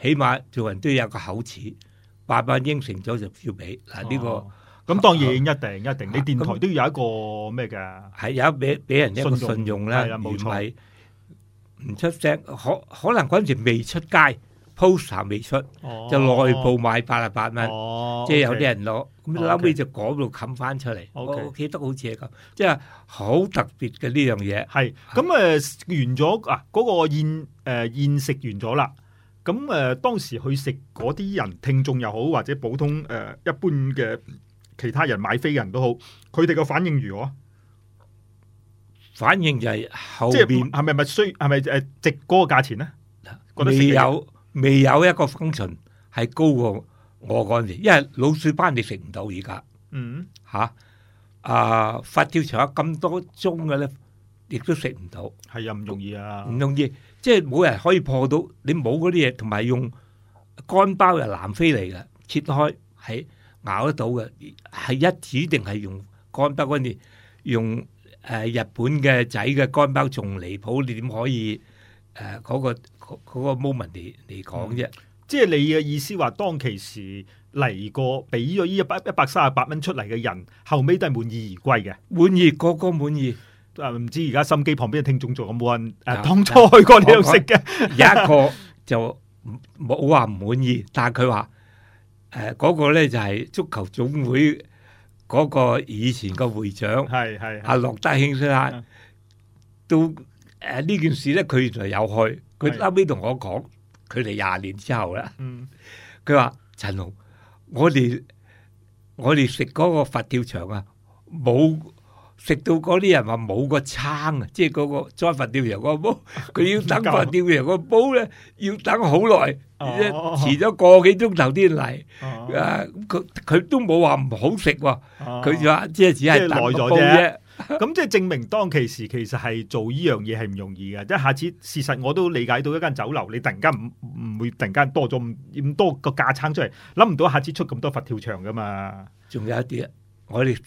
起碼做人都要有一個口齒，八百應承咗就要俾嗱呢個。咁當然一定一定，一定啊、你電台都要有一個咩嘅？係有一俾俾人一個信用啦，唔係唔出聲，可可能嗰陣時未出街。poster 未出、哦、就內部買八啊八蚊，即係有啲人攞咁，後屘就嗰度冚翻出嚟。我記得好似係咁，即係好特別嘅呢樣嘢。係咁誒，完咗啊，嗰、嗰個宴誒宴食完咗啦。咁誒、呃，當時去食嗰啲人，聽眾又好，或者普通誒、呃、一般嘅其他人買飛嘅人都好，佢哋嘅反應如何？反應就係後邊係咪咪需係咪誒值嗰個價錢咧？你有？未有一個封存係高過我嗰陣時，因為老鼠斑你食唔到而家。嗯嚇、mm，hmm. 啊發條長咁多鍾嘅咧，亦都食唔到。係又唔容易啊！唔容易，即係冇人可以破到你冇嗰啲嘢，同埋用乾鮑又南非嚟嘅，切開係咬得到嘅，係一指定係用乾鮑嗰陣時用誒日本嘅仔嘅乾鮑仲離譜，你點可以誒嗰、呃嗰個？嗰個 moment 你講啫，即係你嘅意思話，當其時嚟過俾咗呢一百一百三十八蚊出嚟嘅人，後尾都係滿意而歸嘅。滿意，個個滿意。誒，唔知而家心機旁邊嘅聽眾仲有冇人？誒，當初去過呢度食嘅，有一個就冇話唔滿意，但係佢話誒，嗰個咧就係足球總會嗰個以前嘅會長，係係阿駱德慶先生，都誒呢件事咧，佢就係有去。佢臨尾同我講，佢哋廿年之後咧，佢話陳雄，我哋我哋食嗰個佛跳牆啊，冇食到嗰啲人話冇個撐啊，即係嗰個裝佛跳牆個煲，佢要等佛跳牆個煲咧，要等好耐，遲咗個幾鐘頭先嚟，啊，佢佢都冇話唔好食，佢就話即係只係等咗啫。咁 即係證明當其時其實係做呢樣嘢係唔容易嘅，一下子事實我都理解到一間酒樓，你突然間唔唔會突然間多咗咁多個架撐出嚟，諗唔到下次出咁多佛跳牆噶嘛。仲有一啲，我哋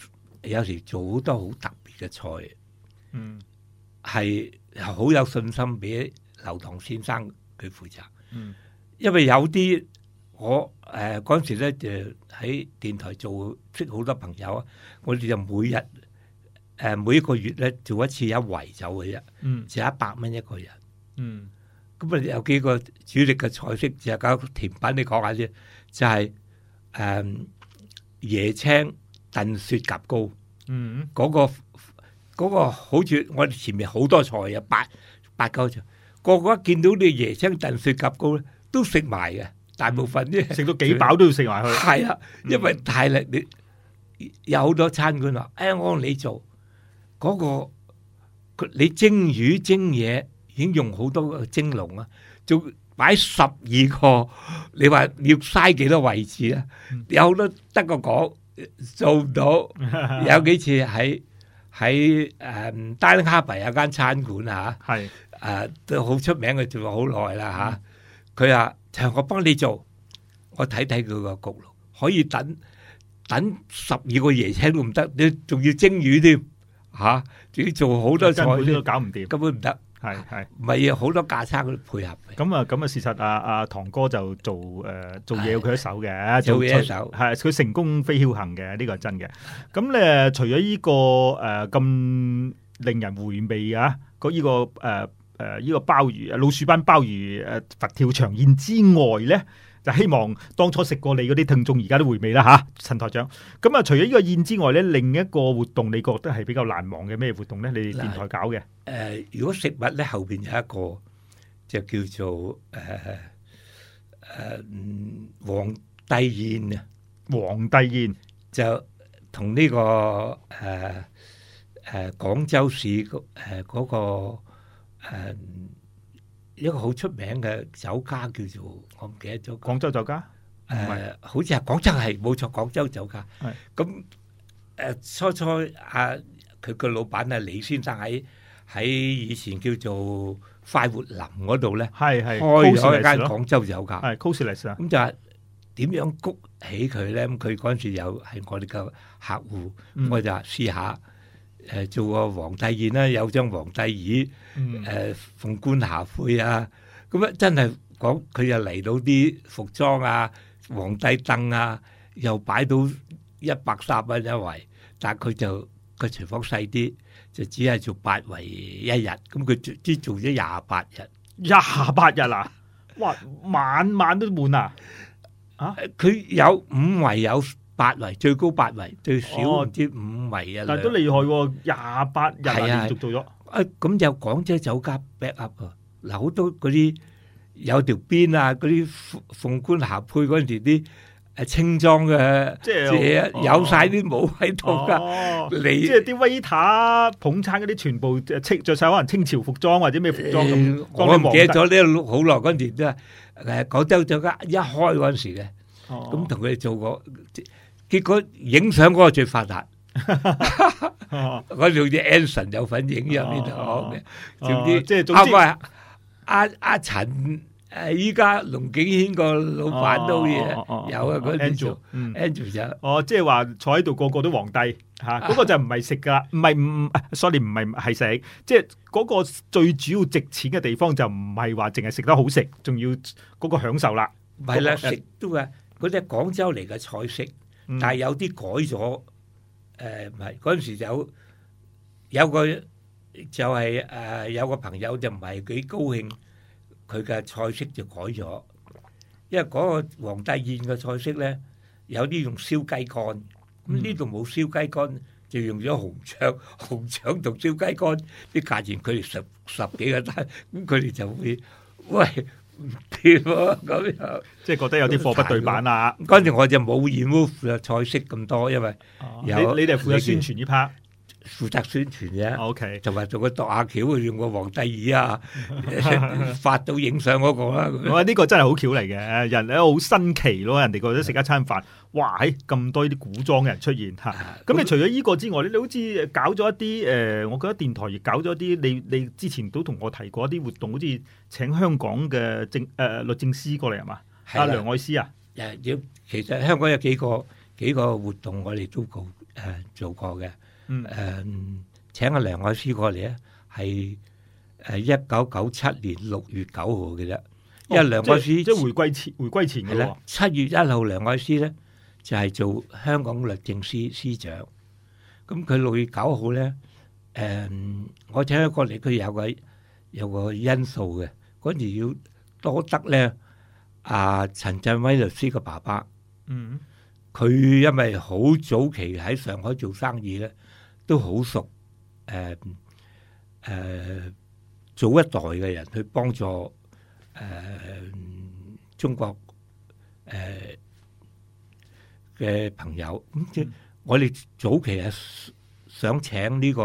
有時做好多好特別嘅菜，嗯，係好有信心俾劉唐先生去負責，嗯，因為有啲我誒嗰陣時咧就喺電台做，識好多朋友啊，我哋就每日。誒，每一個月咧做一次一圍走嘅啫，嗯、就一百蚊一個人。嗯，咁啊有幾個主力嘅菜式就搞、是、甜品，你講下啫，就係誒椰青燉雪蛤膏。嗯，嗰、嗯那個、那個好似我哋前面好多菜啊，八八九桌，個個一見到啲椰青燉雪蛤膏咧，都食埋嘅。大部分啲食、嗯、因為 到幾飽都要食埋佢。係啊，嗯、因為太你有好多餐館話，哎呀，我你做。嗰個佢你蒸魚蒸嘢已經用好多個蒸籠啊，仲擺十二個，你話要嘥幾多位置啊？有好多得個講做唔到，有幾次喺喺誒丹卡比有間餐館啊，係誒都好出名，佢做好耐啦嚇。佢話：就我幫你做，我睇睇佢個焗爐可以等等十二個椰青都唔得，你仲要蒸魚添。吓！你要、啊、做好多嘢根本都搞唔掂，根本唔得。係係，唔係好多架撐佢配合嘅。咁、那個、啊，咁啊，事實阿阿唐哥就做誒做嘢佢一手嘅，做嘢一手係佢、哎、成功非僥倖嘅呢個係真嘅。咁咧， 除咗呢、這個誒咁、呃、令人回味啊，呢、這個誒誒呢個鮑魚老鼠斑鮑魚誒佛跳牆宴之外咧。就希望當初食過你嗰啲聽眾而家都回味啦吓，陳台長。咁啊，除咗呢個宴之外咧，另一個活動你覺得係比較難忘嘅咩活動咧？你電台搞嘅？誒，如果食物咧後邊有一個就叫做誒誒，皇帝宴啊，皇帝宴就同呢個誒誒廣州市誒嗰個誒。一個好出名嘅酒家叫做我唔記得咗，廣州酒家。誒，好似係廣州係冇錯，廣州酒家。咁誒初初啊，佢個老闆啊李先生喺喺以前叫做快活林嗰度咧，係係開咗間廣州酒家，係 Cosiness 啊。咁就點樣谷起佢咧？咁佢嗰陣時有係我哋嘅客戶，我就試下。誒、呃，做個皇帝宴啦，有張皇帝椅，誒、呃，鳳冠霞帔啊，咁、嗯、啊、嗯，真係講佢又嚟到啲服裝啊，皇帝凳啊，又擺到一百三一圍，但佢就個廚房細啲，就只係做八圍一日，咁、嗯、佢做做咗廿八日，廿八日啊，哇，晚晚都滿啊，啊，佢有五圍有。八圍最高，八圍最少接五圍啊！但係都厲害喎，廿八日連續做咗。誒，咁有廣州酒家 back up 啊！嗱，好多嗰啲有條辮啊，嗰啲鳳冠霞帔嗰陣時啲誒清裝嘅嘢，有曬啲帽喺度噶。你即係啲 waiter 捧餐嗰啲，全部誒清著曬，可能清朝服裝或者咩服裝咁。我唔記得咗呢，好耐嗰陣時都係誒廣州酒家一開嗰陣時嘅。哦，咁同佢哋做過。結果影相嗰個最發達 、啊， 我哋啲 Anson 有份影入呢度，總之、啊啊、即係阿阿阿陳誒，依家龍景軒個老闆都嘢有啊，嗰啲、啊啊啊、做，Angel、嗯、Andrew 就、嗯、哦，即係話坐喺度個個都皇帝吓，嗰、啊嗰個就唔係食噶，唔係唔 sorry 唔係係食，即係嗰個最主要值錢嘅地方就唔係話淨係食得好食，仲要嗰個享受、嗰個、啦，係啦，食都啊，嗰啲係廣州嚟嘅菜式。嗯、但係有啲改咗，誒唔係嗰陣時有有個就係、是、誒、呃、有個朋友就唔係幾高興，佢嘅菜式就改咗，因為嗰個皇帝宴嘅菜式咧有啲用燒雞肝，咁呢度冇燒雞肝，就用咗紅腸，紅腸同燒雞肝啲價錢佢哋十十幾個單，咁佢哋就會餵。喂唔掂啊！咁又 即係覺得有啲貨不對版啦、啊 嗯。跟住我就冇 any roof 菜式咁多，因為有、啊、你哋負責宣傳呢 part。負責宣傳嘅，OK，同埋做個度阿橋，用個皇帝椅啊， 發到影相嗰個啦、啊。我呢 個真係好巧嚟嘅，人哋好新奇咯、啊。人哋覺得食一餐飯，的哇！咁多啲古裝嘅人出現吓，咁、啊啊、你除咗呢個之外，你你好似搞咗一啲誒、呃，我覺得電台亦搞咗一啲，你你之前都同我提過一啲活動，好似請香港嘅政誒、呃、律政司過嚟係嘛？阿的、啊、梁愛詩啊，誒，其實香港有幾個幾個活動，我哋都做誒做過嘅。嗯，誒請阿梁愛詩過嚟咧，係誒一九九七年六月九號嘅啫，因為梁愛詩即係回歸前回歸前嘅咧。七月一號梁愛詩咧就係做香港律政司司長，咁佢六月九號咧，誒我請佢過嚟，佢有個有個因素嘅，嗰時要多得咧阿陳振威律師嘅爸爸，嗯，佢因為好早期喺上海做生意咧。都好熟，誒、呃、誒、呃，早一代嘅人去幫助誒、呃、中國誒嘅、呃、朋友。咁、嗯嗯、即我哋早期係想請呢、這個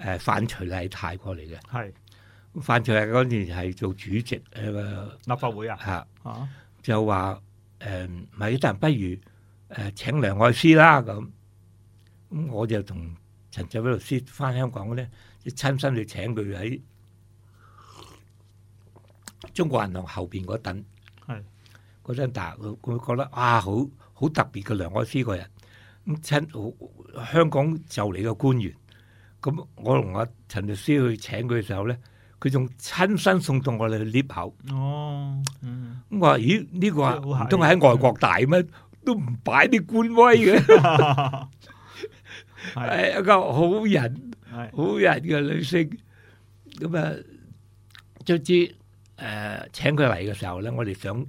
誒范、呃、徐麗泰過嚟嘅。係范是徐麗泰嗰陣時係做主席誒、呃、立法會啊。吓、啊、就話誒咪得人不如誒、呃、請梁愛詩啦咁。咁、嗯、我就同。陳志偉律師翻香港咧，親身去請佢喺中國銀行後邊嗰等，係嗰張台，佢覺得啊，好好特別嘅梁愛詩個人咁親，哦，香港就嚟嘅官員，咁我同阿陳律師去請佢嘅時候咧，佢仲親身送到我哋嘅門口。哦，咁、嗯、我話咦呢、這個唔通喺外國大咩？嗯、都唔擺啲官威嘅。 係一個人的好人，係好人嘅女性。咁啊，卒之誒，請佢嚟嘅時候咧，我哋想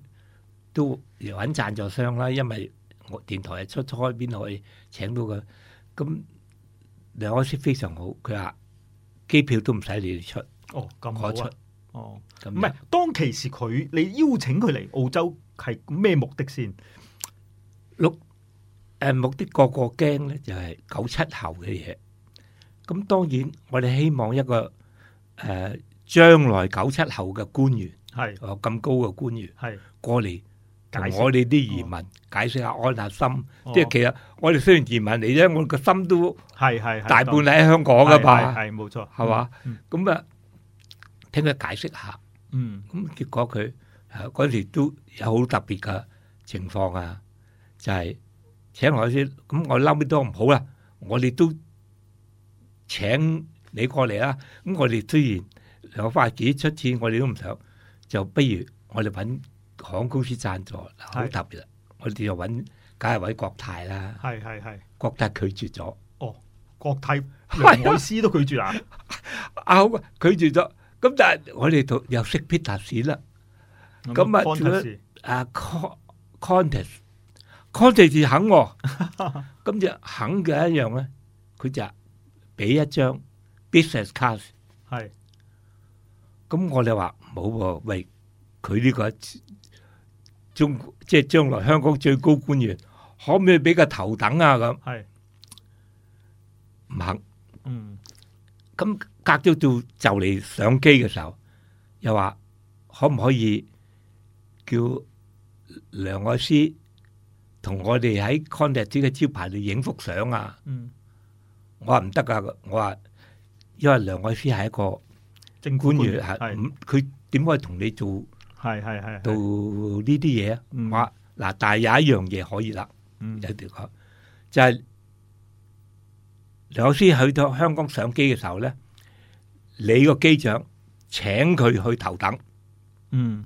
都揾贊助商啦，因為我電台出咗開邊可以請到佢。咁兩廂非常好，佢話機票都唔使你出。哦，咁好啊！我出哦，唔係天，當其時佢你邀請佢嚟澳洲係咩目的先？六。誒，目的個個驚咧，就係九七後嘅嘢。咁當然，我哋希望一個誒將來九七後嘅官員係哦咁高嘅官員係過嚟同我哋啲移民解釋下，安下心。即係其實我哋雖然移民嚟啫，我個心都係係大半係喺香港噶吧。係冇錯，係嘛？咁啊，聽佢解釋下。嗯。咁結果佢嗰時都有好特別嘅情況啊，就係。請我先，咁我嬲啲都唔好啦，我哋都請你過嚟啊！咁我哋雖然兩百幾出錢，我哋都唔想，就不如我哋揾航空公司贊助，好特別啦！我哋就揾，梗係揾國泰啦。係係係，國泰拒絕咗。哦，國泰，我司都拒絕啊！啊，好拒絕咗。咁但係我哋又又識 Peter 先啦。咁啊，做咗啊 con contest。康爵士肯喎，咁就肯嘅一樣咧，佢就俾一張 business card。係，咁我哋話冇，喂，佢呢個中即係將來香港最高官員，可唔可以俾個頭等啊？咁係，唔肯。嗯，咁隔咗做就嚟上機嘅時候，又話可唔可以叫梁愛詩？同我哋喺 c o n d e c 嘅招牌度影幅相啊！嗯、我話唔得噶，我話因為梁愛詩係一個政府官員，係咁佢點可以同你做？係係係做呢啲嘢啊！嗯、我話嗱，但係有一樣嘢可以啦。嗯、有條就係、是、梁愛詩去到香港上機嘅時候咧，你個機長請佢去頭等，嗯，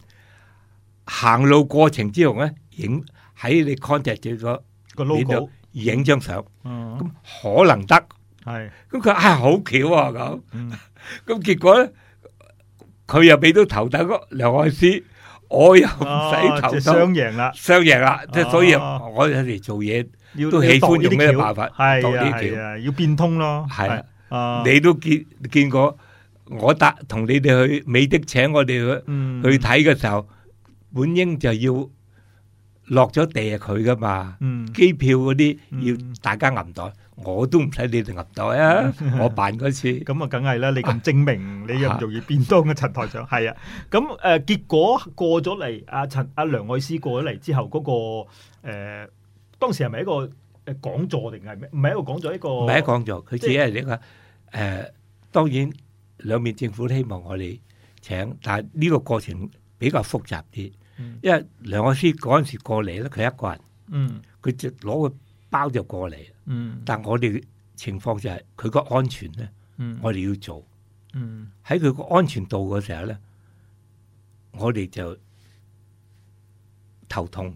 行路過程之後咧影。喺你 contact 住個個 logo，影張相，咁可能得，係，咁佢啊好巧啊咁，咁結果咧，佢又俾到頭等哥梁愛詩，我又唔使頭等，即係雙贏啦，雙贏啦，即係所以，我哋做嘢都喜歡用咩辦法，係啊係啊，要變通咯，係啊，你都見見過，我搭同你哋去美的請我哋去去睇嘅時候，本應就要。落咗地啊佢噶嘛？機票嗰啲要大家揞袋，我都唔使你哋揞袋啊！我辦嗰次咁啊，梗係啦！你唔證明，你又唔容易變當嘅陳台長。係啊，咁誒結果過咗嚟，阿陳阿梁愛詩過咗嚟之後，嗰個誒當時係咪一個誒講座定係咩？唔係一個講座，一個唔係一個講座，佢自己係一個誒。當然兩面政府希望我哋請，但係呢個過程比較複雜啲。因為梁老師嗰陣時過嚟咧，佢一個人，佢、嗯、就攞個包就過嚟。嗯、但我哋情況就係佢個安全咧，嗯、我哋要做喺佢個安全度嗰時候咧，我哋就頭痛。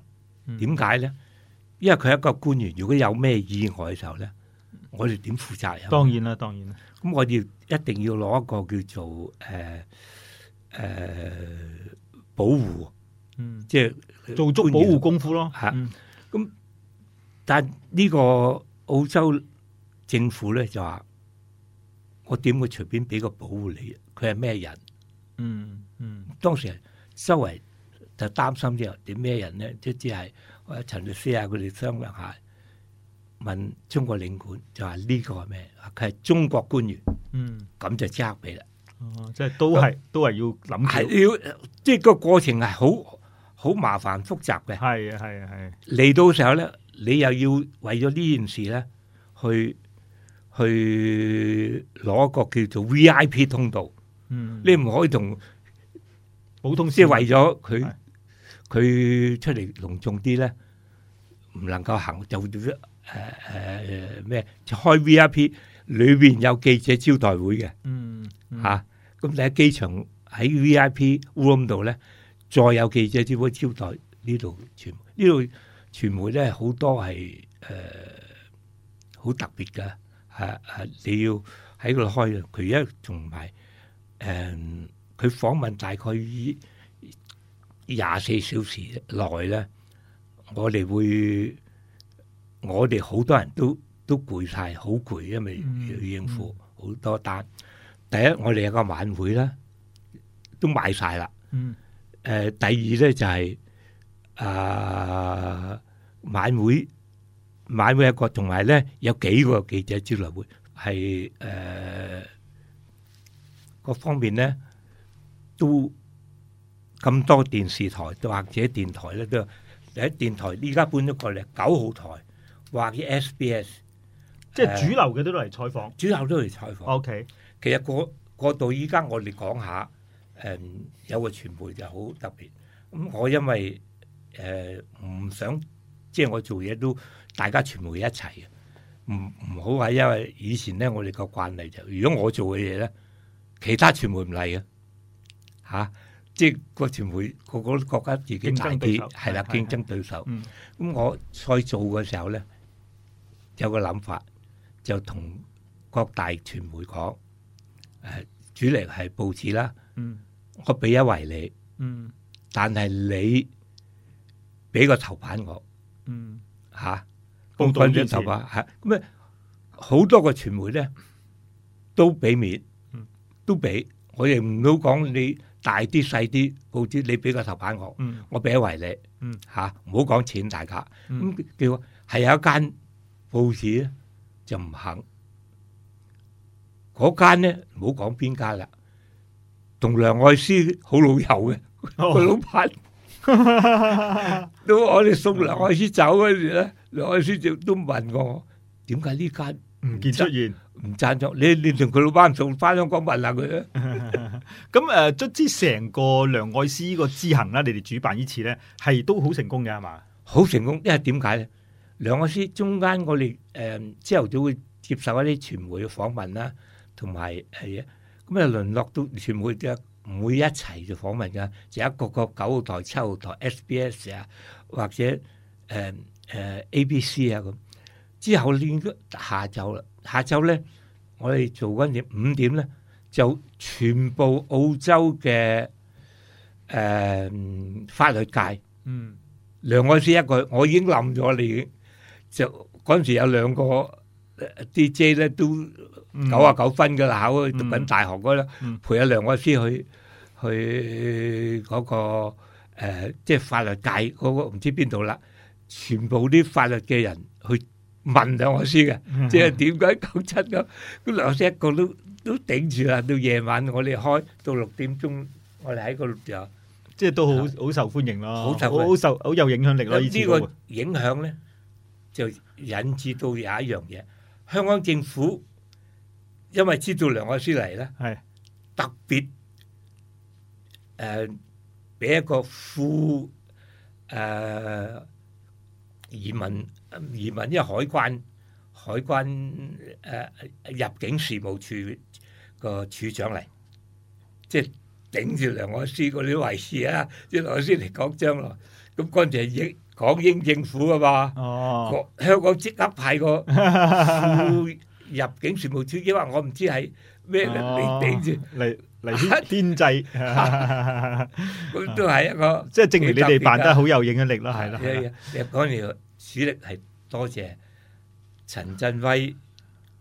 點解咧？因為佢一個官員，如果有咩意外嘅時候咧，我哋點負責啊？當然啦，當然啦。咁我哋一定要攞一個叫做誒誒、呃呃、保護。嗯，即係做足保護功夫咯，吓咁、嗯。嗯、但係呢個澳洲政府咧就話：我點會隨便俾個保護你？佢係咩人？嗯嗯。嗯，當時周圍就擔心之後點咩人咧，即係陳律師啊，佢哋商量下，問中國領館就話呢個係咩？佢係中國官員。嗯，咁就即刻俾啦。哦，即係都係那都係要諗，係、啊、要即係、這個過程係好。好麻煩複雜嘅，係啊係啊係。嚟到時候咧，你又要為咗呢件事咧，去去攞一個叫做 VIP 通道，嗯，你唔可以同普通，即係為咗佢佢出嚟隆重啲咧，唔能夠行就誒誒咩，開 VIP 裡邊有記者招待會嘅，嗯，吓，咁你喺機場喺 VIP room 度咧。再有記者只會招待呢度傳媒呢度傳媒咧，好多係誒好特別嘅，係、啊、係、啊、你要喺度開嘅。佢一仲埋誒佢訪問大概於廿四小時內咧，我哋會我哋好多人都都攰晒，好攰，因為要應付好多單。嗯嗯、第一，我哋有個晚會啦，都買晒啦。嗯誒第二咧就係啊，晚會晚會一個，同埋咧有幾個記者接落去，係誒，各方面咧都咁多電視台或者電台咧都喺電台，依家搬咗過嚟九號台或者 SBS，即係主流嘅都嚟採訪，主流都嚟採訪。OK，其實過過到依家我哋講下。誒、um, 有個傳媒就好特別，咁、嗯、我因為誒唔、呃、想即係我做嘢都大家傳媒一齊嘅，唔唔好話因為以前咧我哋個慣例就是，如果我做嘅嘢咧，其他傳媒唔嚟嘅，嚇、啊，即係個傳媒個個都覺得自己爭啲，係啦，競爭對手。咁我再做嘅時候咧，有個諗法，就同各大傳媒講，誒、呃、主力係報紙啦。嗯我俾一圍你，你嗯，但係你俾個頭版我，嗯，吓，公道頭版啊，吓，咁啊，好多個傳媒咧都俾面，都俾，我亦唔好講你大啲細啲，報紙你俾個頭版我，嗯、我俾一圍你，嗯、啊，吓，唔好講錢，大家，咁叫係有一間報紙咧就唔肯，嗰間咧唔好講邊間啦。同梁愛詩好老友嘅佢，oh. 老闆闆，都 我哋送梁愛詩走嗰時咧， 梁愛詩就都問過我：點解呢間唔見出現？唔贊助，贊助你？你同佢老闆送翻香港問下佢咧。咁 誒， 卒之成個梁愛詩個之行啦，你哋主辦次呢次咧，係都好成功嘅，係嘛？好成功，因為點解咧？梁愛詩中間我哋誒，朝、呃、頭早會接受一啲傳媒嘅訪問啦，同埋係。咁啊，聯絡到全部嘅每一齊就訪問㗎，就一個個九號台、七號台、SBS 啊，或者誒誒 ABC 啊咁。之後呢個下晝啦，下晝咧，我哋做緊嘢五點咧，就全部澳洲嘅誒法律界，嗯，梁愛詩一句，我已經冧咗你，就嗰陣時有兩個 DJ 咧都。九啊九分嘅啦，考讀緊大學嗰咧，陪阿梁愛詩去去嗰個誒，即係法律界嗰個唔知邊度啦，全部啲法律嘅人去問阿梁愛詩嘅，即係點解九七咁？阿梁愛詩一個都都頂住啦，到夜晚我哋開到六點鐘，我哋喺個又即係都好好受歡迎咯，好受好有影響力咯。呢個影響咧就引致到有一樣嘢，香港政府。因為知道梁愛詩嚟咧，特別誒俾一個副誒移民移民因為海關海關誒入境事務處個處長嚟，即係頂住梁愛詩嗰啲位置啊！即係梁愛詩嚟講將來，咁關鍵係港英政府㗎嘛？哦，香港即刻派個副。入境事務處，因為我唔知係咩、哦，你頂住嚟嚟天際， 都係一個，即係證明你哋辦得好有影響力囉，係啦。你講完主力係多謝陳振威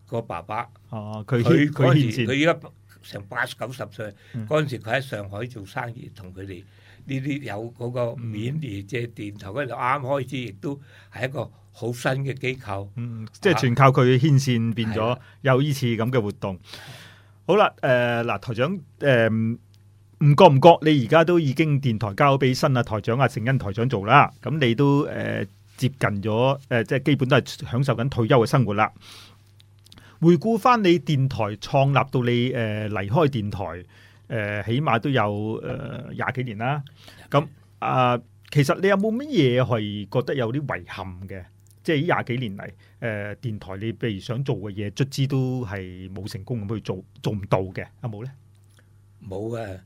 個爸爸，哦，佢佢佢現前佢而家成八十九十歲，嗰陣時佢喺上海做生意，同佢哋。呢啲有嗰個面而即係電台嗰度啱啱開始，亦都係一個好新嘅機構。嗯，即係全靠佢牽線變咗有呢次咁嘅活動。的好啦，誒、呃、嗱，台長誒唔、呃、覺唔覺？你而家都已經電台交俾新啊台長啊，成恩台長做啦。咁你都誒、呃、接近咗誒、呃，即係基本都係享受緊退休嘅生活啦。回顧返你電台創立到你誒離、呃、開電台，誒、呃，起碼都有誒廿、呃、幾年啦。咁、嗯嗯、啊，其實你有冇乜嘢係覺得有啲遺憾嘅？即係呢廿幾年嚟，誒、呃、電台你譬如想做嘅嘢，卒之都係冇成功咁去做，做唔到嘅。有冇咧，冇啊！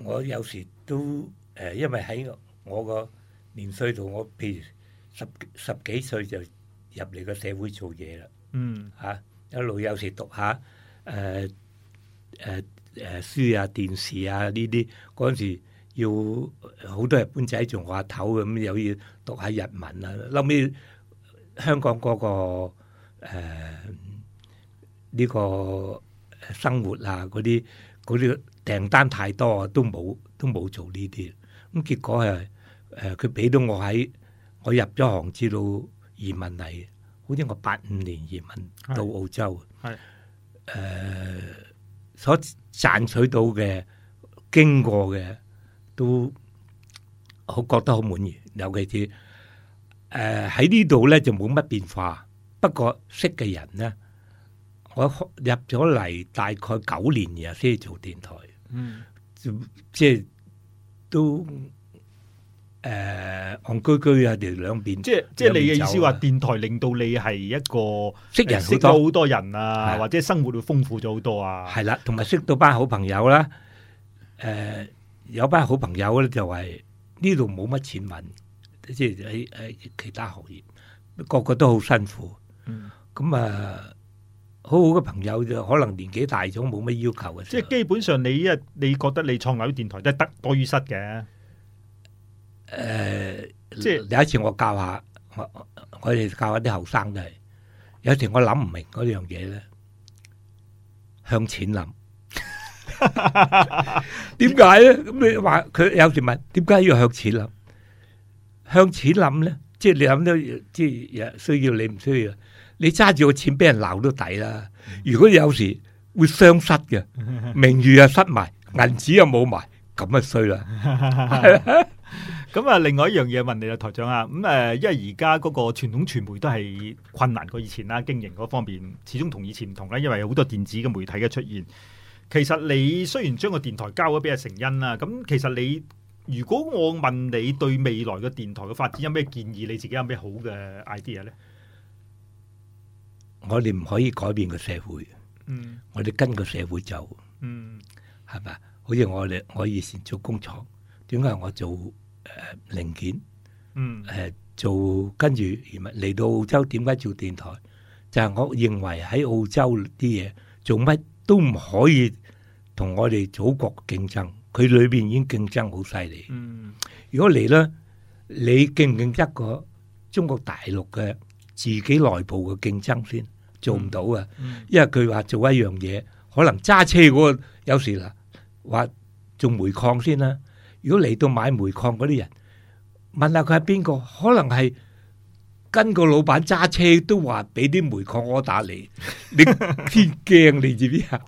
我有時都誒、呃，因為喺我個年歲度，我譬如十十幾歲就入嚟個社會做嘢啦。嗯，吓、啊、一路有時讀下誒誒。啊呃呃呃誒、啊、書啊、電視啊呢啲，嗰陣時要好多日本仔做我阿頭咁，又要讀下日文啊。後屘香港嗰、嗰個誒呢、呃呢個生活啊，嗰啲嗰啲訂單太多啊，都冇都冇做呢啲。咁結果係誒佢俾到我喺我入咗行至到移民嚟，好似我八五年移民到澳洲，誒、呃、所。賺取到嘅經過嘅都好覺得好滿意，尤其是誒喺、呃、呢度咧就冇乜變化。不過識嘅人咧，我入咗嚟大概九年嘢先做電台，嗯，就即係都。誒，戇居居啊，哋兩邊，即係即係你嘅意思話，電台令到你係一個識人識到好多人啊，的或者生活會豐富咗好多啊。係啦，同埋識到班好朋友啦，啊。誒、呃，有班好朋友咧，就是，就係呢度冇乜錢搵，即係喺喺其他行業，個個都好辛苦。咁、嗯、啊，好好嘅朋友就可能年紀大咗，冇乜要求嘅。即係基本上你，你一你覺得你創立啲電台都係得多於失嘅。誒，即係有一次我教下我我我哋教下啲後生都係，有時我諗唔明嗰樣嘢咧，向錢諗，點解咧？咁你話佢有時問，點解要向錢諗？向錢諗咧，即係你諗到，即係需要你唔需要？你揸住個錢俾人鬧都抵啦。如果有時會喪失嘅名譽啊，失埋銀紙又冇埋，咁啊衰啦。咁啊，另外一樣嘢問你啊，台長啊，咁、嗯、誒，因為而家嗰個傳統傳媒都係困難過以前啦，經營嗰方面始終同以前唔同啦，因為有好多電子嘅媒體嘅出現。其實你雖然將個電台交咗俾阿成恩啦，咁其實你，如果我問你對未來嘅電台嘅發展有咩建議，你自己有咩好嘅 idea 呢？我哋唔可以改變個社會，嗯，我哋跟個社會走，嗯，係咪？好似我哋我以前做工廠，點解我做？零件，嗯，誒，做跟住，唔係嚟到澳洲點解做電台？就係我認為喺澳洲啲嘢做乜都唔可以同我哋祖國競爭，佢裏邊已經競爭好犀利。嗯，如果嚟咧，你競唔競得過中國大陸嘅自己內部嘅競爭先？做唔到啊，因為佢話做一樣嘢，可能揸車嗰個有時啦，話做煤礦先啦。如果嚟到買煤礦嗰啲人問下佢係邊個，可能係跟個老闆揸車，都話俾啲煤礦我打你，你驚，你知唔知啊？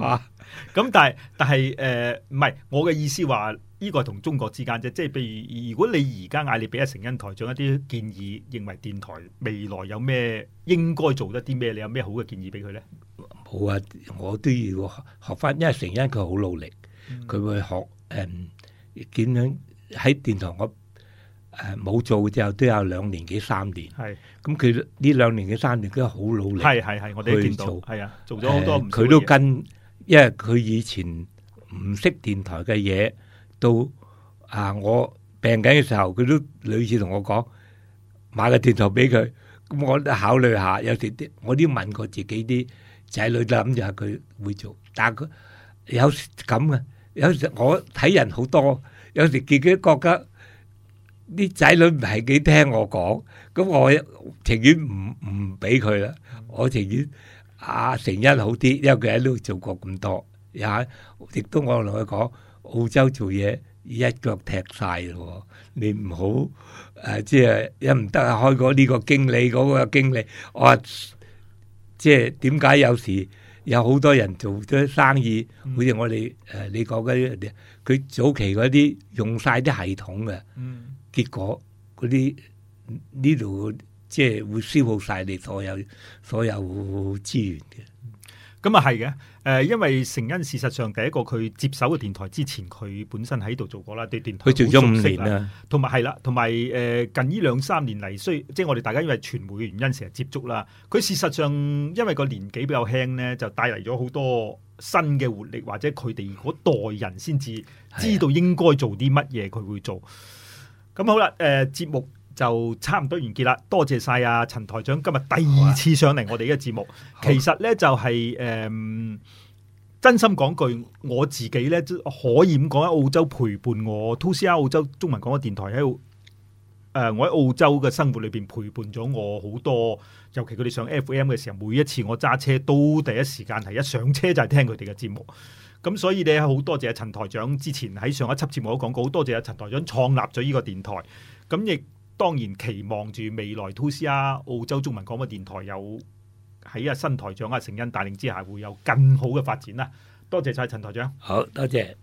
啊！ 咁但係但係，誒唔係，我嘅意思話呢個同中國之間啫，即係譬如如果你而家嗌你俾阿成恩台長一啲建議，認為電台未來有咩應該做得啲咩，你有咩好嘅建議俾佢咧？冇啊、嗯！嗯、我都要學翻，因為成恩佢好努力，佢會學誒。嗯點樣喺電台我誒冇做之後都有兩年幾三年，係咁佢呢兩年幾三年都好努力，係係係我哋見到，係啊，做咗好多唔佢都跟，因為佢以前唔識電台嘅嘢，到啊我病緊嘅時候，佢都屢次同我講買個電台俾佢，咁我都考慮下，有時啲我都問過自己啲仔女諗住係佢會做，但係佢有咁嘅。有時我睇人好多，有時自己覺得啲仔女唔係幾聽我講，咁我情願唔唔俾佢啦。我情願阿、啊、成恩好啲，因為佢喺呢度做過咁多，也亦都我同佢講澳洲做嘢一腳踢晒，咯。你唔好誒，即係一唔得啊，開過呢個經理嗰、那個經理，我話即係點解有時？有好多人做咗生意，好似、嗯、我哋誒、呃、你講嗰啲，佢早期嗰啲用晒啲系統嘅，嗯、結果嗰啲呢度即係會消耗晒你所有所有資源嘅。咁啊，係嘅，誒，因為成因事實上第一個佢接手嘅電台之前，佢本身喺度做過啦，對電台做咗五年啦。同埋係啦，同埋誒近呢兩三年嚟，雖即係我哋大家因為傳媒嘅原因成日接觸啦。佢事實上因為個年紀比較輕咧，就帶嚟咗好多新嘅活力，或者佢哋嗰代人先至知道應該做啲乜嘢，佢會做。咁、啊嗯、好啦，誒、呃、節目。就差唔多完結啦，多謝晒阿陳台長今日第二次上嚟我哋呢個節目。啊啊、其實呢就係、是、誒、嗯，真心講句，我自己呢可以咁講，喺澳洲陪伴我 2CR 澳洲中文廣播電台喺度。誒、呃，我喺澳洲嘅生活裏邊陪伴咗我好多，尤其佢哋上 FM 嘅時候，每一次我揸車都第一時間係一上車就係聽佢哋嘅節目。咁所以呢好多謝阿陳台長之前喺上一輯節目都講過，好多謝阿陳台長創立咗呢個電台，咁亦。當然期望住未來 2CR 啊，澳洲中文廣播電台有喺啊新台長啊成恩帶領之下，會有更好嘅發展啦。多謝晒陳台長，好多謝。